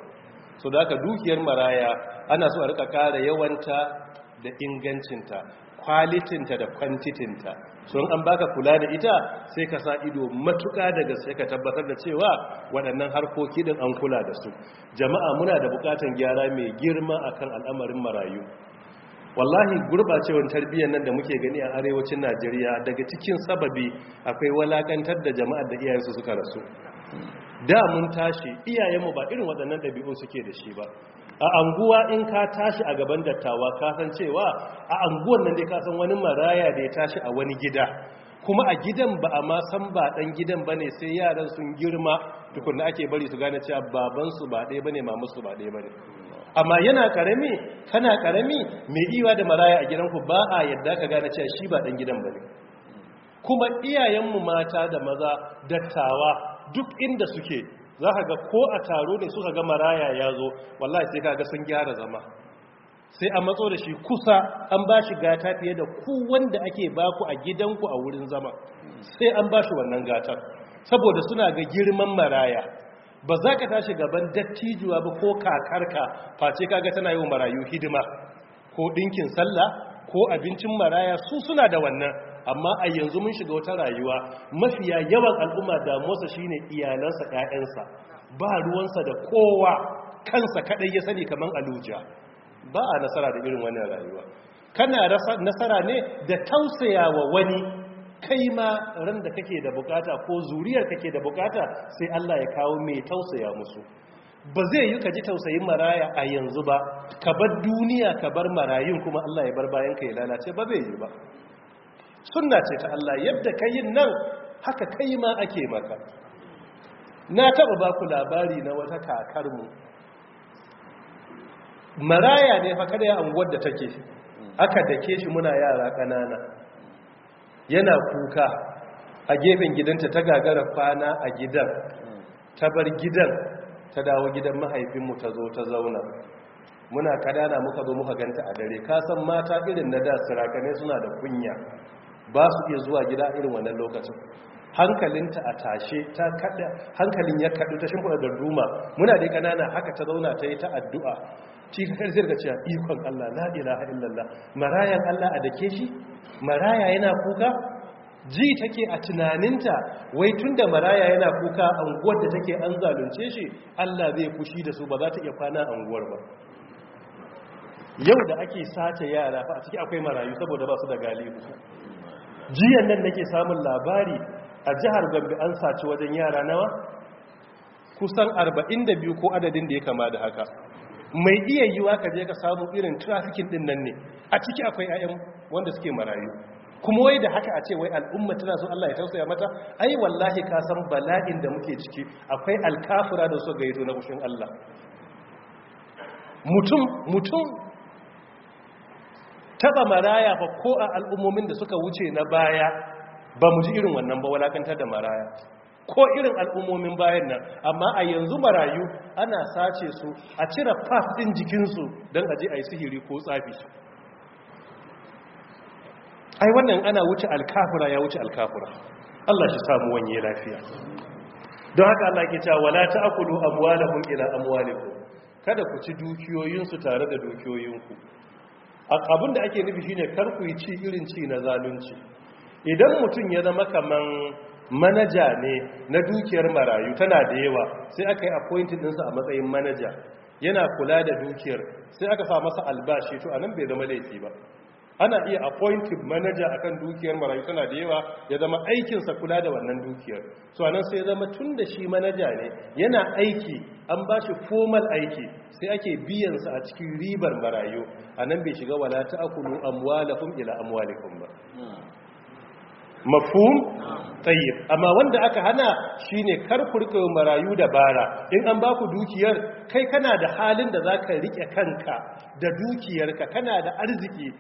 so da haka dukiyar maraya ana so a rika ƙara yawanta da ingancinta kwalitinta da kwantitinta sun an baka kula da ita sai ka sa ido matuka daga sai ka tabbatar da cewa waɗannan harkoki din an kula da su jama'a muna da bukatan gyara mai girma akan al'amarin marayu wallahi gurbacewar tarbiyyar nan da muke gani a arewacin Najeriya daga cikin sababi akwai walakantar da jama'a da iyayensu suka rasu da mun tashi iyayenmu ba irin waɗannan ɗabi'un suke da shi ba a anguwa in ka tashi a gaban dattawa ka san cewa a anguwan nan dai ka san wani maraya da ya tashi a wani gida kuma a gidan ba a ma ba dan gidan bane sai yaran sun girma tukunna ake bari su gane cewa baban su ba ɗaya bane maman su ba ɗaya bane amma yana karami kana karami mai iwa da maraya a gidanku ba a yadda ka gane cewa shi ba dan gidan bane kuma mu mata da maza dattawa duk inda suke za ka ga ko a taro ne suka ga maraya ya zo wallahi sai ka ga sun gyara zama sai a matso da shi kusa an ba shi gata fiye da ku wanda ake baku a gidanku a wurin zama sai an ba shi wannan gatar saboda suna ga girman maraya ba za ka tashi gaban dattijuwa ba ko kakarka face kaga tana yi wa marayu hidima ko ɗinkin sallah ko abincin maraya su suna da wannan amma a yanzu mun shiga wata rayuwa mafiya yawan al'umma shi shine iyalansa ƴaƴansa ba ruwansa da kowa kansa kaɗai ya sani kaman aluja ba a nasara da irin wannan rayuwa kana nasara ne da tausaya wa wani kai ma ran da kake da bukata ko zuriyar kake da bukata sai Allah ya kawo mai tausaya musu ba zai yi ka ji tausayin maraya a yanzu ba ka bar duniya ka bar marayun kuma Allah ya bar bayan ka ya lalace ba zai yi ba sunna ce ta Allah yadda ka yi nan haka kai ma ake maka na taɓa ba ku labari na wata kakarmu maraya ne haka da ya wadda da take aka dake shi muna yara ƙanana yana kuka a gefen gidanta ta gagara kwana a gidan ta bar gidan ta dawo gidan mahaifinmu ta zo ta zauna muna kadana muka zo muka ganta a dare kasan mata irin na da sirakane suna da kunya ba su iya zuwa gida irin wannan lokacin hankalinta a tashe ta kada hankalin ya kadu ta shimfa da ruma muna dai kanana haka ta zauna ta yi ta addu'a ci ka karshe cewa ikon Allah la ilaha illallah marayan Allah a dake shi maraya yana kuka ji take a tunaninta wai tunda maraya yana kuka anguwar da take an zalunce shi Allah zai fushi da su ba za ta iya kwana anguwar ba yau da ake sace yara fa a ciki akwai marayu saboda ba su da galihu jiyan nan nake samun labari a jihar gambe an saci wajen yara nawa kusan 42 ko adadin da ya kama da haka mai iya yiwa ka je ka samu irin trafikin din nan ne a ciki akwai 'ya'yan wanda suke marayu kuma wai da haka a ce wai al'umma tana so Allah ya tausaya mata ai wallahi ka san bala'in da muke ciki akwai alkafura da su gaito na kushin Allah mutum mutum taba maraya ba ko a al'ummomin da suka wuce na baya ba mu ji irin wannan ba walakantar da maraya ko irin al'ummomin bayan nan amma a yanzu marayu ana sace su a cire jikin jikinsu don aje a yi sihiri ko tsafi ai wannan ana wuce alkafura ya wuce alkafura Allah shi samu wanye lafiya don haka Allah ke cewa wala ta'kulu amwalakum ila amwalikum kada ku ci dukiyoyinsu tare da dukiyoyinku abin da ake nufi shine kar ku yi ci irin ci na zalunci idan mutum ya zama kaman manaja ne na dukiyar marayu tana da yawa sai aka yi appointing ɗinsa a matsayin manaja yana kula da dukiyar sai aka sa masa albashi to anan bai zama laifi ba ana iya appointed manager akan dukiyar marayu tana da yawa ya zama aikinsa kula da wannan dukiyar so anan sai zama tun da shi manager ne yana aiki an ba shi formal aiki sai ake biyansa a cikin ribar marayu anan bai shiga wala akulu amwalakum ila amwalikum ba mafhum tayyib amma wanda aka hana shine kar ku rike marayu da bara in an baku dukiyar kai kana da halin da zaka rike kanka da dukiyarka kana da arziki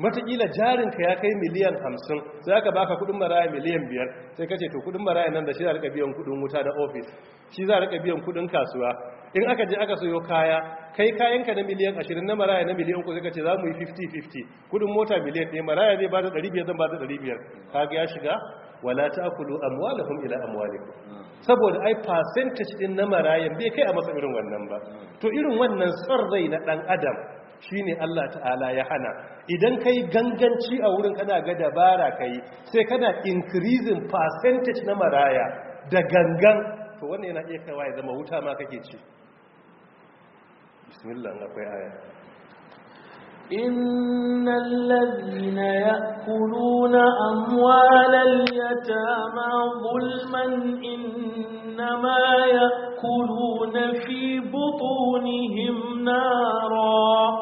matakila jarinka ya kai miliyan hamsin sai aka baka kudin maraya miliyan biyar sai ka ce to kudin maraya nan da shi za a rika biyan kudin wuta da ofis shi za a rika biyan kudin kasuwa in aka je aka soyo kaya kai kayanka na miliyan ashirin na maraya na miliyan ku sai kace za mu yi 50-50 kudin mota miliyan ɗaya maraya zai ba da ɗari biyar zan ba da ɗari biyar kaga ya shiga wala ta akulu amwalahum ila amwalikum saboda ai percentage din na marayan bai kai a masa irin wannan ba to irin wannan son rai na dan adam Shi ne Allah ta'ala ya hana idan yi ganganci a wurin kana ga dabara ka yi, sai kana increasing percentage na maraya da gangan to wannan yana iya kawai ya zama wuta ma kake ci bismillah akwai aya إن الذين يأكلون أموال اليتامى ظلما إنما يأكلون في بطونهم نارا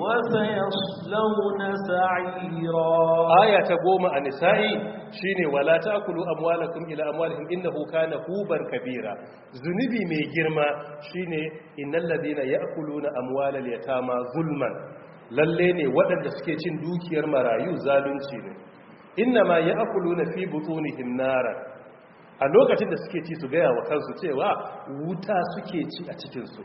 وسيصلون سعيرا آية قوم النسائي شيني ولا تأكلوا أموالكم إلى أموالهم إنه كان خوبا كبيرا ذنبي ميجرما شيني إن الذين يأكلون أموال اليتامى ظلما lalle ne waɗanda suke cin dukiyar marayu zalunci ne inna ma ya akulu na fi butunihin nara a lokacin da suke ci su gaya wa kansu cewa wuta suke ci a cikinsu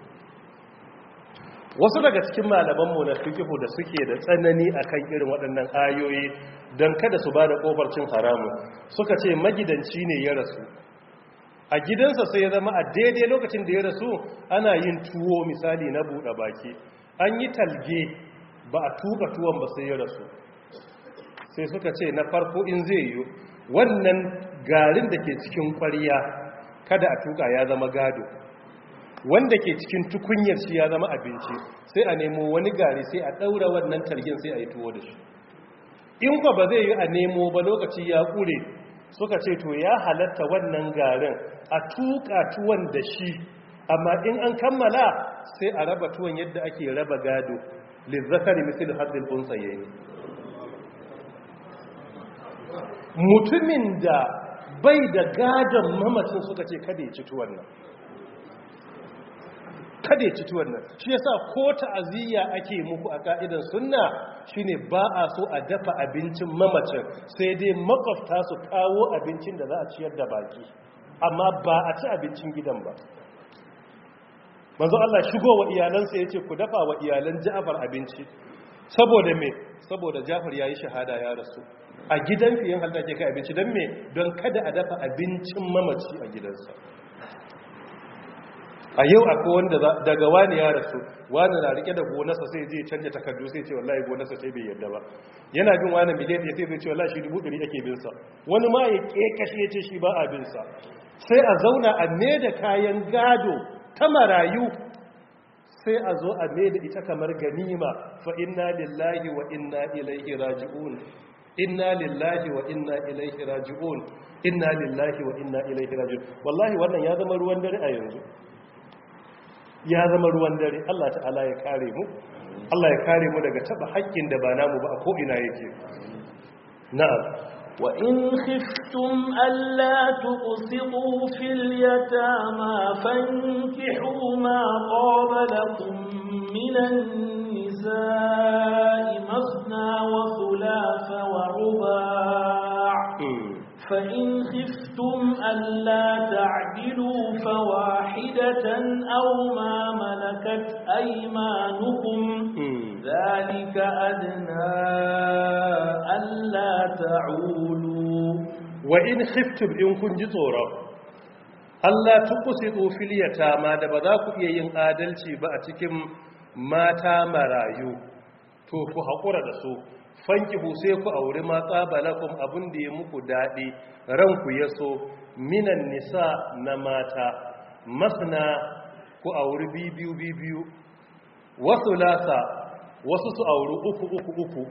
wasu daga cikin malamanmu na fikihu da suke da tsanani a kan irin waɗannan ayoyi don kada su ba da ƙofar cin haramun suka ce magidanci ne ya rasu a gidansa sai ya zama a daidai lokacin da ya rasu ana yin tuwo misali na buɗe baki an yi talge ba a tuka tuwon ba sai ya rasu sai suka ce na farko in zai yi wannan garin da ke cikin kwariya kada a tuka ya zama gado wanda ke cikin tukunyar shi ya zama abinci sai a nemo wani gari sai a ɗaura wannan targin sai a yi tuwo da shi in kwa ba zai yi a nemo ba lokaci ya ƙure suka ce to ya halatta wannan garin a tuka tuwon da shi amma in an kammala sai a raba tuwon yadda ake raba gado lizzakari misali haddin tsuntsaye mutumin da bai da gadon mamacin suka ce kada ya tuwon wannan kada ya tuwon wannan shi yasa ko ta'aziyya ake muku a ka'idar sunna shine ba a so a dafa abincin mamacin sai dai makwabta su kawo abincin da za a ciyar da baki amma ba a ci abincin gidan ba manzo Allah shigo wa iyalansa yace ku dafa wa iyalan Ja'far abinci saboda me saboda Ja'far yayi shahada ya rasu a gidan fiyin halta ke kai abinci dan me don kada a dafa abincin mamaci a gidansa a yau akwai wanda daga wani ya rasu wani na rike da gonarsa sai je canja takardu sai ce wallahi gonarsa sai bai yadda ba yana bin wani miliyan ya sai ce wallahi shi dubu ɗari ake bin sa wani ma ya kekashe ya ce shi ba a bin sa sai a zauna a ne da kayan gado ta marayu sai a zo a mai da ita kamar ganima fa inna lillahi wa inna ilaihi raji'un inna lillahi wa inna ilaihi raji'un inna lillahi wa inna ilaihi raji'un wallahi wannan ya zama ruwan dare a yanzu ya zama ruwan dare Allah ta'ala ya kare mu Allah ya kare mu daga taba haƙƙin da ba namu ba a ko ina yake na'am وإن خفتم ألا تقسطوا في اليتامى فانكحوا ما قاب لكم من النساء مثنى وثلاث وعباد فإن خفتم ألا تعدلوا فواحدة أو ما ملكت أيمانكم ذلك أدنى ألا تعولوا وإن خفتم إن كنت تورا Allah tukusitu filiyata ma da ba za ku iya yin adalci ba a cikin mata marayu to ku haƙura da su Fanki sai ku auri ma tsabalakum abin da ya muku daɗi ranku ya so minan nisa na mata masna ku auri bi biyu wasu lasa wasu su auri uku uku uku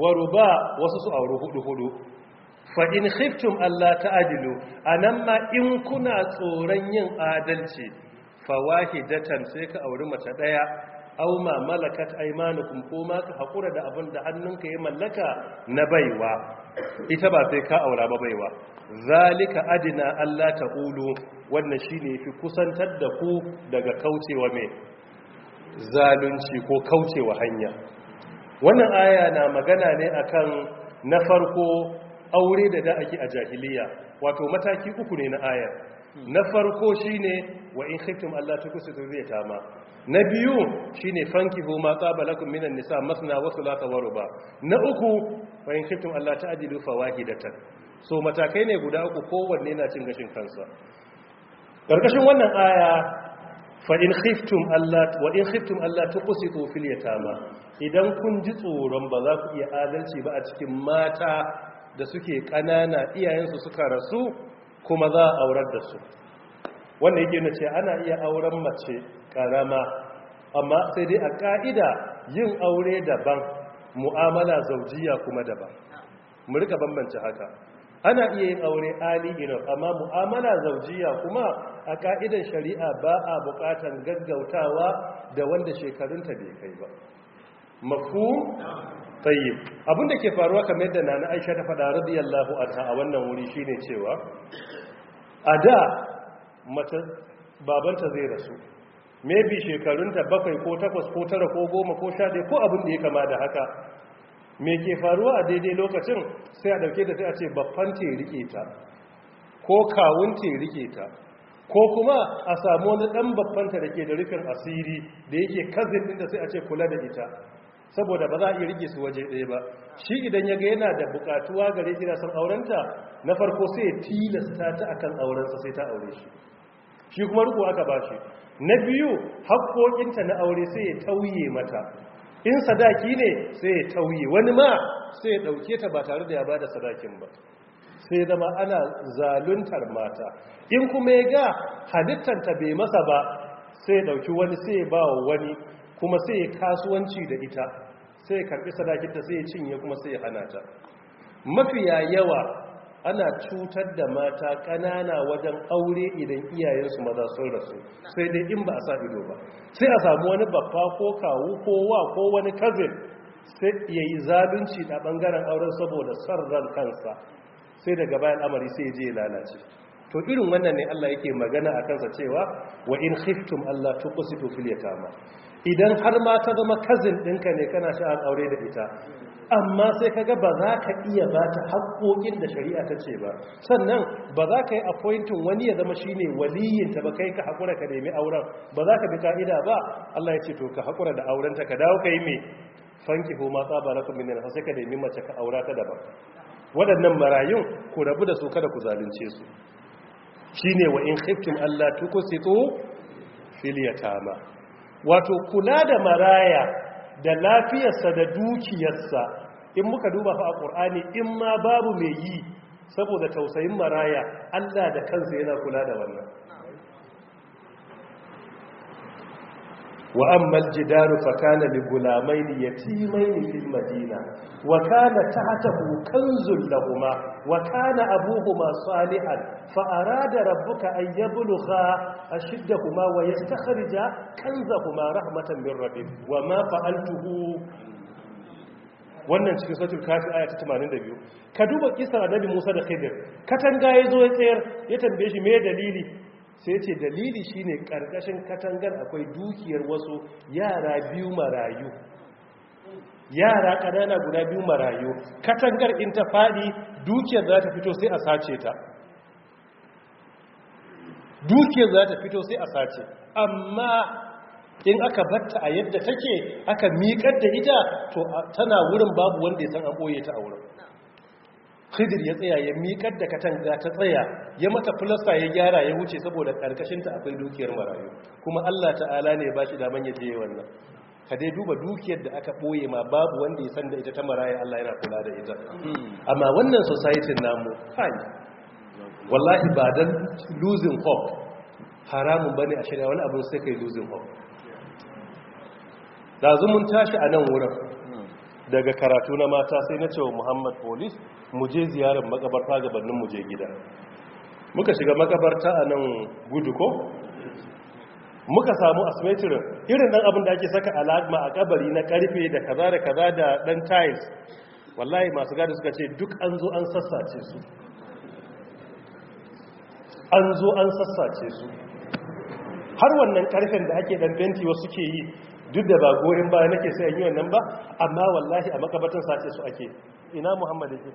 wa ruba wasu su auri hudu hudu fa in khiftum alla ta'dilu anan ma in kuna tsoron yin adalci datan sai ka auri mace ɗaya? Auma, ma malakat aymanukum ko ma ka hakura da abin da hannunka ya mallaka na baiwa ita ba sai ka aura ba baiwa zalika adina Allah taqulu wannan shine fi kusantar da ku daga kaucewa mai zalunci ko kaucewa hanya wannan aya na magana ne akan na farko aure da da ake a jahiliya wato mataki uku ne na ayar na farko shi ne, wa in khiftum alla tuksitu ma. na biyu shi ne, fanki fankihu ma qabalakum minan nisa masna wa thulatha wa ruba na uku wa in khiftum alla ta'dilu fawahidatan so matakai ne guda uku kowanne na cin gashin kansa karkashin wannan aya fa in khiftum Allah wa in khiftum alla tuqsitu fil yatama idan kun ji tsoron ba za ku iya adalci ba a cikin mata da suke kanana iyayensu suka rasu kuma za a aurar da su wannan yake na ce ana iya auren mace karama amma sai dai a ka'ida yin aure daban mu'amala zaujiya kuma daban mu rika bambance haka ana iya yin aure ali enough amma mu'amala zaujiya kuma a ka'idan shari'a ba a bukatan gaggautawa da wanda shekarunta bai kai ba mafu tayyib abin da ke faruwa kamar yadda nana aisha ta fada radiyallahu anha a wannan wuri shine cewa a da mace babanta zai rasu maybe shekarunta bakwai ko takwas ko tara ko goma ko sha ko abin da ya kama da haka me ke faruwa a daidai lokacin sai a ɗauke da sai a ce babban te rike ta ko kawun te rike ta ko kuma a samu wani ɗan babban ta da ke da rufin asiri da yake kazin ɗin da sai a ce kula da ita saboda ba za a iya rige su waje ɗaya ba shi idan ya ga yana da bukatuwa gare shi na son aurenta na farko sai ya tilasta ta kan aurensa sai ta aure shi shi kuma riko aka ba shi na biyu haƙoƙinta na aure sai ya tauye mata in sadaki ne sai ya tauye wani ma sai ya ɗauke ta ba tare da ya bada sadakin ba sai zama ana zaluntar mata in kuma ya ga halittanta bai masa ba sai ya ɗauki wani sai ya ba wani kuma sai ya kasuwanci da ita sai ya karbi sadakinta sai ya cinye kuma sai ya hana ta mafiya yawa ana cutar da mata kanana wajen aure idan iyayensu maza sun rasu sai dai in ba a sa ido ba sai a samu wani babba ko kawu ko wa ko wani kazin sai ya yi zalunci a ɓangaren auren saboda son ran kansa sai daga bayan amari sai je ya lalace to irin wannan ne Allah yake magana a kansa cewa wa in khiftum Allah tuqsitu fil yatama idan har ma ta zama kazin ɗinka ne kana sha'an aure da ita amma sai kaga ba za ka iya ba ta haƙoƙin da shari'a ta ce ba sannan ba za ka yi appointin wani ya zama shine waliyinta ba kai ka haƙura ka nemi auren ba za ka bi ka'ida ba Allah ya ce to ka haƙura da aurenta ka dawo ka yi mai fanki ko ma tsaba na kumin nasa sai ka nemi mace ka aura ta daban waɗannan marayun ku rabu da su kada ku zalunce su shine wa in khiftum alla tukusitu fil yatama wato kula da maraya da lafiyarsa da dukiyarsa in muka duba fa a ƙur'ani in ma babu mai yi saboda tausayin maraya allah da kansa yana kula da wannan وأما الجدار فكان لغلامين يتيمين في ta وكان تحته كنز kuma. wa kana abuhuma salihan fa arada rabbuka an yablugha ashiddahuma wa yastakhrija kanzahuma rahmatan min rabbih wa ma fa'altuhu wannan cikin suratul kafi aya 82 ka duba kisar annabi Musa da Khidir katanga yazo ya tsayar ya tambaye shi me dalili sai ce dalili shine karkashin katangar akwai dukiyar wasu yara biyu marayu yara kanana guda biyu marayu katangar in ta fadi dukiyar za ta fito sai a sace ta dukiyar za ta fito sai a sace amma in aka batta a yadda take aka miƙar da ita to tana wurin babu wanda ya san an ɓoye ta a wurin khidir ya tsaya ya miƙar da katanga ta tsaya ya mata fulasta ya gyara ya wuce saboda ƙarƙashinta akwai dukiyar marayu kuma allah ta'ala ne ba shi daman ya je wannan ka dai duba dukiyar da aka ɓoye ma babu wanda ya san da ita ta maraya Allah yana kula da ita amma wannan society namu fine wallahi ba dan losing hope haramun bane a shirya wani abin sai kai losing hope da mun tashi a nan wurin daga karatu na mata sai na cewa Muhammad Police mu je ziyarar makabarta bannin mu je gida muka shiga makabarta a nan gudu ko muka samu asmetirin irin dan abin da ake saka alama a kabari na karfe da kaza da kaza da dan tiles wallahi masu gadi suka ce duk an zo an sassace su an zo an sassace su har wannan karfen da ake dan fenti wasu ke yi duk da ba gorin baya nake sai yi wannan ba amma wallahi a makabatan sace su ake ina muhammad yake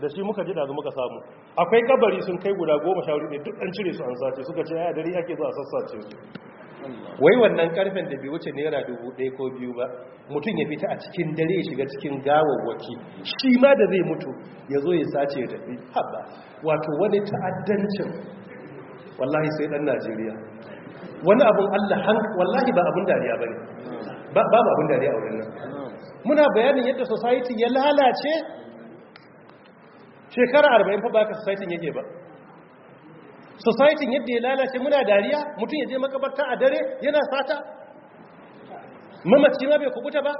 da shi muka jida da muka samu akwai kabari sun kai guda goma sha hudu ne duk an cire su an sace suka ce ya dare ake zuwa a sassace su wai wannan karfen da bai wuce naira dubu ɗaya ko biyu ba mutum ya fita a cikin dare ya shiga cikin gawawwaki shi ma da zai mutu ya zo ya sace ya tafi haɓa wato wani ta'addancin wallahi sai ɗan najeriya wani abin allah wallahi ba abin dariya ba ne ba abin dariya a wurin nan muna bayanin yadda society ya lalace shekara arba'in fa ba ka society yake ba society yadda ya lalace muna dariya mutum ya je makabarta a dare yana sata mamaci ma bai kubuta ba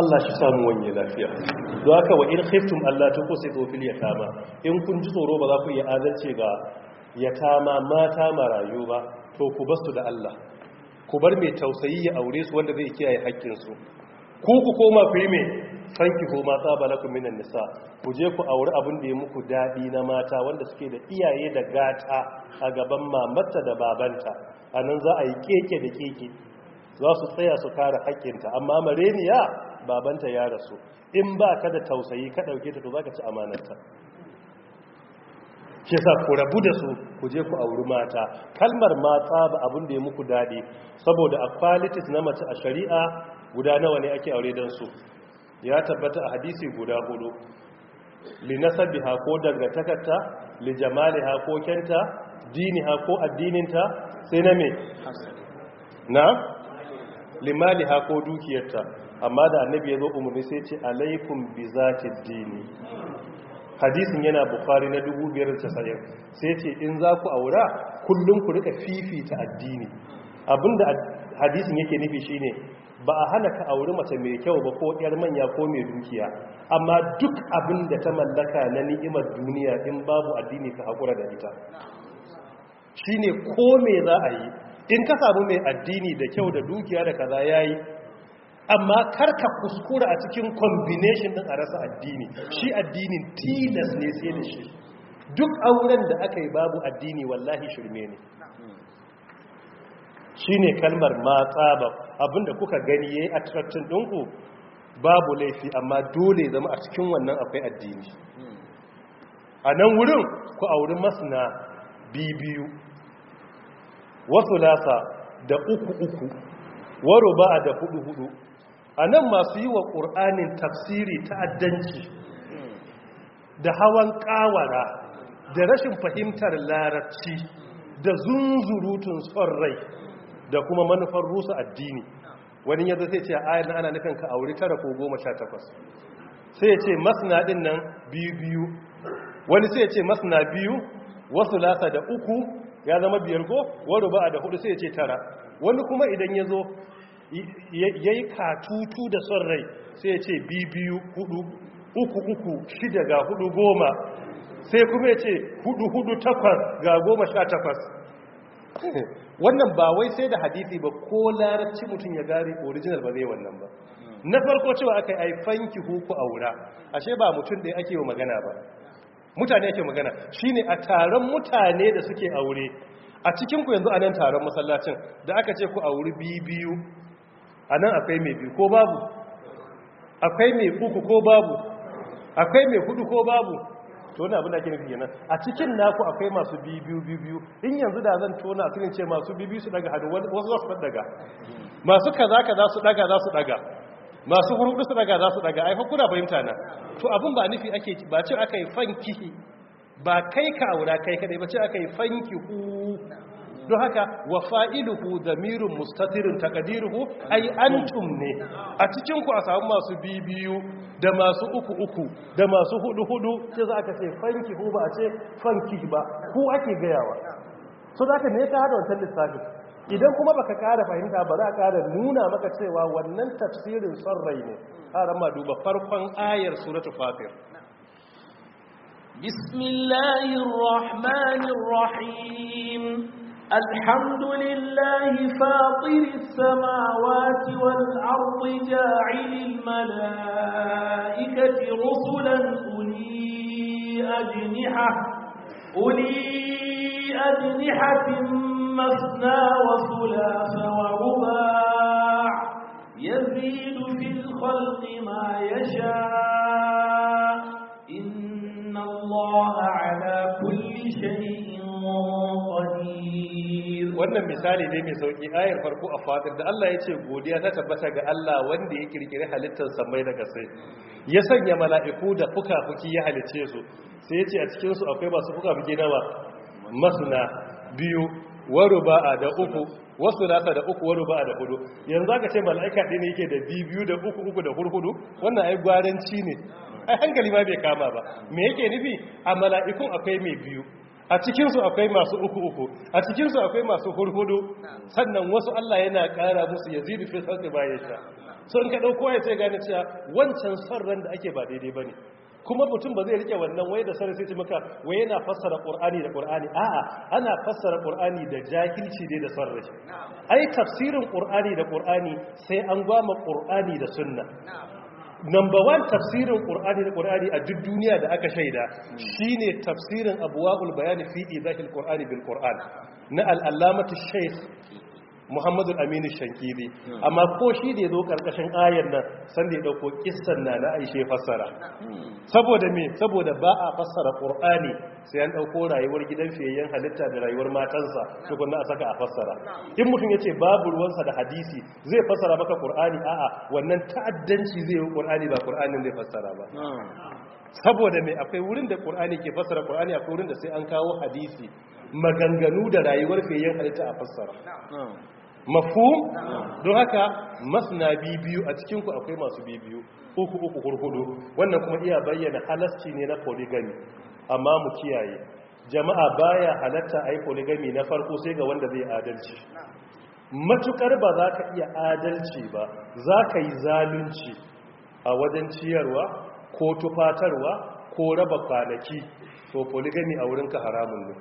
Allah shi samu wanye lafiya don haka wa in khiftum Allah ta kusa tofil ya yatama in kun ji tsoro ba za ku iya azalce ga yatama mata marayu ba to ku basu da Allah ku bar mai tausayi ya aure su wanda zai kiyaye hakkin su ku ku koma ku yi me fanki ko ma tsaba lakum minan nisa ku je ku auri abin da ya muku daɗi na mata wanda suke da iyaye da gata a gaban mamata da babanta a nan za a yi keke da keke za su tsaya su kara haƙƙinta amma mareniya babanta ya rasu in ba ka da tausayi ka ɗauke ta to za ka ci amanarta ke sa ku rabu da su ku je ku auri mata kalmar mata ba abin da ya muku daɗi saboda a kwalitis na mace a shari'a guda nawa ne ake aure don su ya tabbata a hadisi guda hudu ha ko dangantakarta li ha ko kenta ha ko addininta sai na me na ha ko dukiyarta amma da annabi ya zo umarni sai ce alaikum bi zati dini hadisin yana bukhari na 590 sai ce in za ku aura kullum ku rika fifita addini abinda hadisin yake nufi shine ba a hana ka auri mace mai kyau ba ko yar manya ko mai dukiya amma duk abin da ta mallaka na ni'imar duniya in babu addini ka haƙura da ita shine ko me za a yi in ka samu mai addini da kyau da dukiya da kaza yayi amma kar ka kuskura a cikin combination din a rasa addini shi addinin tilas ne sai da shi duk auren da aka yi babu addini wallahi shirme ne Shi ne kalmar ma tsaba abinda kuka gani ya yayi attraction ɗinku babu laifi amma dole zama a cikin wannan akwai addini a nan wurin ku auri masna bibiyu wasu lasa da uku uku waro ba da hudu hudu a nan masu yi wa ƙur'anin tafsiri ta'addanci da hawan ƙawara da rashin fahimtar larabci da zunzurutun son rai da kuma manufar rusa addini wani yadda sai ce ayar na ana nufin ka auri tara ko goma sha takwas sai ce masna din nan biyu biyu wani sai ce masna biyu wasu lasa da uku ya zama biyar ko wani ba da hudu sai ce tara wani kuma idan ya zo ya yi katutu da son rai sai ce biyu hudu uku uku shida ga hudu goma sai kuma ya ce hudu hudu takwas ga goma sha takwas wannan ba wai sai da hadisi ba ko larabci mutum ya gare original ba zai wannan ba hmm. na farko cewa aka yi fanki huku a wura. ashe ba mutum da ake yi magana ba mutane ake magana shine a taron mutane da suke aure a cikinku yanzu yanzu anan taron masallacin da aka ce ku auri biyu anan akwai mai biyu ko babu akwai mai uku ko babu akwai mai hudu ko babu tona abin da ake nufi kenan a cikin naku akwai masu biyu biyu in yanzu da zan tona a cikin ce masu biyu su daga hadu wasu wasu daga masu kaza kaza su daga za su daga masu hurudu su daga za su daga ai kuna fahimta na to abin ba nufi ake ba ce aka yi fanki ba kai ka aura kai kadai ba ce aka yi fanki hu don haka wa fa'iluhu damirun mustatirin takadiruhu ai antum ne a cikin ku a samu masu bibiyu da masu uku uku da masu hudu hudu sai za ka ce fanki ko ba a ce fanki ba ku ake gayawa so za ka ne ta wancan lissafi idan kuma baka kara fahimta ba za ka nuna maka cewa wannan tafsirin son rai ne har ma duba farkon ayar suratul fatir بسم الله الرحمن الرحيم الحمد لله فاطر السماوات والأرض جاعل الملائكة رسلا أولي أجنحة أولي أجنحة مثنى وثلاث ورباع يزيد في الخلق ما يشاء إن الله على كل شيء wannan misali ne mai sauki ayar farko a fatir da Allah ya ce godiya ta tabbata ga Allah wanda ya kirkiri halittar samai da kasai ya sanya mala'iku da fuka-fuki ya halice su sai ya ce a cikinsu akwai masu fuka-fuki nawa masuna biyu a da uku wasu nasa da uku a da hudu yanzu aka ce mala'ika ɗin yake da biyu da uku uku da hurhudu wannan ai gwaranci ne ai hankali ma bai kama ba me yake nufi a mala'ikun akwai mai biyu a cikinsu akwai masu uku uku a cikinsu akwai masu hurhudu sannan wasu Allah yana ƙara musu ya zidu fi sarki ba ya sha so in ka ɗauko ya gane cewa wancan son ran da ake ba daidai ba ne kuma mutum ba zai rike wannan wai da sarari sai maka wai yana fassara qur'ani da qur'ani a'a ana fassara qur'ani da jahilci dai da sarri ai tafsirin qur'ani da qur'ani sai an gwama qur'ani da sunna number one tafsirin ƙur'ani da ƙur'ani a duk duniya da aka shaida shine tafsirin abuwa'ul bayani fi izahil ƙur'ani bil ƙur'an na al'allamatu sheikh muhammadu aminu shankiri hmm. amma ko shi da ya zo karkashin ayar nan sanda ya dauko kissan na na aishe fassara hmm. saboda me saboda ba a fassara qur'ani sai an dauko rayuwar gidan fiyayyen halitta da rayuwar matansa hmm. tukunna a saka a fassara in mutum yace babu ruwansa da hadisi zai fassara maka qur'ani a'a wannan ta'addanci zai yi qur'ani ba qur'anin zai fassara ba saboda mai akwai wurin da ƙur'ani ke fassara ƙur'ani akwai wurin da sai an kawo hadisi maganganu da rayuwar fayyan halitta a fassara mafu don haka masna biyu a cikinku akwai masu biyu uku uku hurhudu wannan kuma iya bayyana halasci ne na polygamy amma mu kiyaye jama'a baya halatta a yi polygamy na farko sai ga wanda zai adalci matukar ba za ka iya adalci ba za ka yi zalunci a wajen ciyarwa ko tufatarwa ko raba kwanaki to polygamy a wurinka haramun ne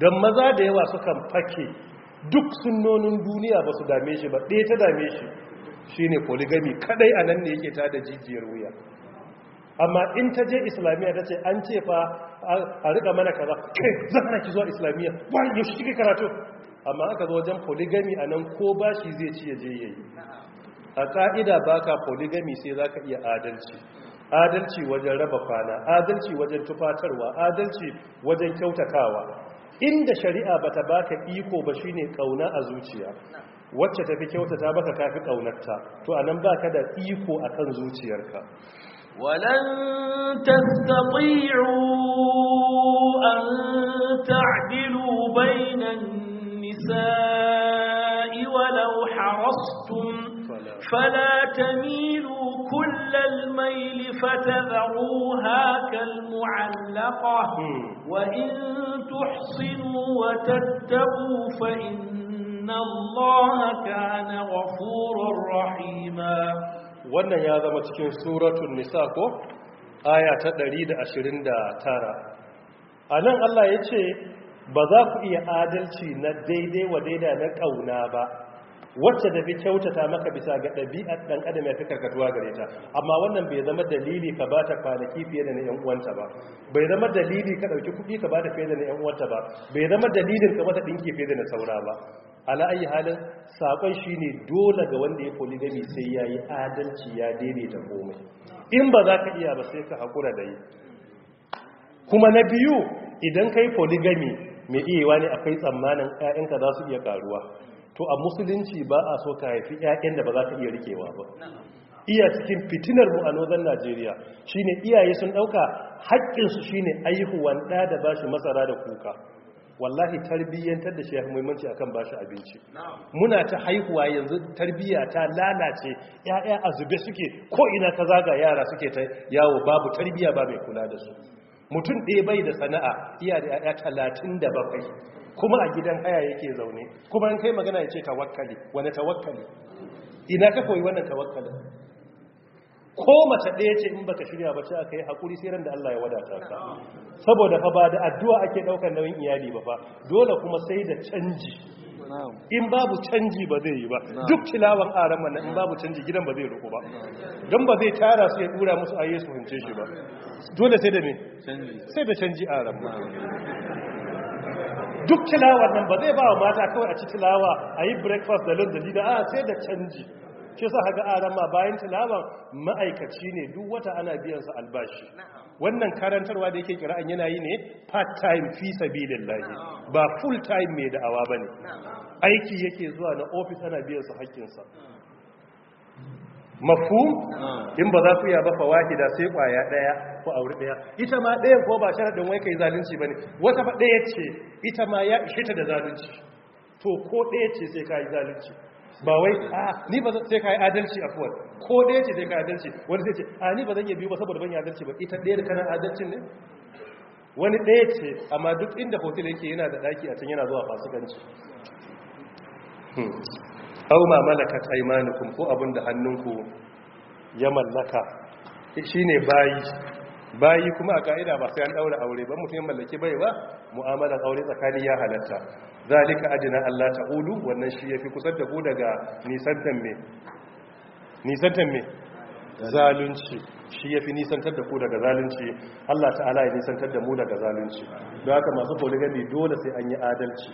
don maza da yawa sukan fake duk sunnonin duniya ba su dame shi ba ɗaya ta dame shi shi ne polygamy kadai a nan ne yake ta da jijiyar wuya amma in ta je islamiyya ta ce an ce fa a riga mana kaza kai zana ki zuwa islamiyya wani yaushe kika karatu amma aka zo wajen polygamy a nan ko ba shi zai ci ya je yayi a ka'ida baka polygamy sai za ka iya adalci adalci wajen raba kwana adalci wajen tufatarwa adalci wajen kyautatawa inda shari'a bata baka iko ba shine ƙauna a zuciya wacce tafi kyautata baka kafi ƙaunarta? to anan baka da iko akan zuciyarka ولن تستطيعوا an تعدلوا بين النساء فلا تميلوا كل الميل فتذروها كالمعلقة وإن تحصنوا وتتقوا فإن الله كان غفورا رحيما wannan ya zama cikin suratun nisa ko aya ta 129 a nan Allah ya ce ba za ku iya adalci na daidai wa daida na ƙauna ba wacce fi kyautata maka bisa ga ɗabi'ar ɗan adam ya fi karkatuwa gare ta amma wannan bai zama dalili ka ba ta kwanaki fiye da na yan uwanta ba bai zama dalili ka ɗauki kuɗi ka ba ta fiye da na yan uwanta ba bai zama dalilin ka mata ɗinki fiye da na saura ba ala ayi halin shi ne dole ga wanda ya koli gami sai ya yi adalci ya daidaita komai in ba za ka iya ba sai ka haƙura da yi kuma na biyu idan ka yi foligami, mai iya ne akwai tsammanin 'ya'yanka za su iya karuwa to a musulunci ba a so ka haifi 'ya'yan da ba za ka iya rikewa ba iya cikin fitinar mu a northern Najeriya shine iyaye sun ɗauka haƙƙinsu shine aihuwan ɗa da bashi masara da kuka wallahi tarbiyyantar da shi ya fi muhimmanci akan bashi abinci muna ta haihuwa yanzu tarbiyya ta lalace ya'ya a zube suke ko ina ka zaga yara suke ta yawo babu tarbiyya ba mai kula da su mutum ɗaya bai da sana'a iya da ya'ya talatin da bakwai kuma a gidan aya yake zaune kuma an kai magana ya ce tawakkali wani tawakkali ina ka koyi wannan tawakkalin ko mace ɗaya ce in baka shirya ba ce aka yi haƙuri sai ran da Allah ya wadata ka saboda fa ba da addu'a ake ɗaukar nauyin iyali ba fa dole kuma sai da canji in babu canji ba zai yi ba duk tilawan aran mana in babu canji gidan ba zai ruku ba don ba zai tara su ya dura musu ayyuka su hunce shi ba dole sai da me sai da canji aran duk tilawar nan ba zai ba wa mata kawai a ci tilawa a yi breakfast da lunch da a sai da canji ke sa haga ma bayan tilawan ma'aikaci ne duk wata ana biyan sa albashi wannan karantarwa da yake kira'an yana yi ne part time fi sabilillahi ba full time mai da'awa ba ne. aiki yake zuwa na ofis ana biyan su mafhum ah. in ba za ku ya ba fawahida sai kwaya daya ko aure daya ita ma daya ko ba sharadin wai kai zalunci bane wata fa daya ce ita ma ya ishe ta da zalunci to ko daya ce sai kai zalunci ba wai a ah, ni ba sai kai adalci afwan ko daya ce sai kai adalci wani sai ce a ah, ni ba zan yi biyu ba saboda ban yi adalci ba ita daya da kana adalcin ne wani daya ce amma duk inda hotel yake yana da daki a can yana zuwa fasikanci hmm. aw ma malakat aymanukum ko abinda hannunku ya mallaka shine bayi bayi kuma a ka'ida ba sai an daura aure ba mutum ya mallaki bai ba mu'amalar aure tsakani ya halatta zalika adina Allah ta'ulu wannan shi yafi kusa da ku daga nisantan me nisantan me zalunci shi yafi nisantar da ku daga zalunci Allah ta'ala ya nisantar da mu daga zalunci don haka masu polygamy dole sai an yi adalci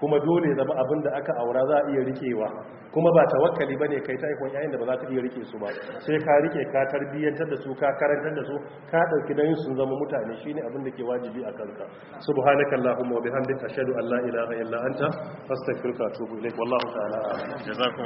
kuma dole zama abin da aka aura za a iya rikewa kuma ba tawakkali bane kai ta ikon yayin da ba za ta iya rike su ba sai ka rike ka tarbiyyantar da su ka karantar da su ka dauki dan sun zama mutane shine abin da ke wajibi a kanka subhanaka allahumma wa bihamdika ashhadu an la ilaha illa anta astaghfiruka wa atubu ilaik wallahu ta'ala jazakum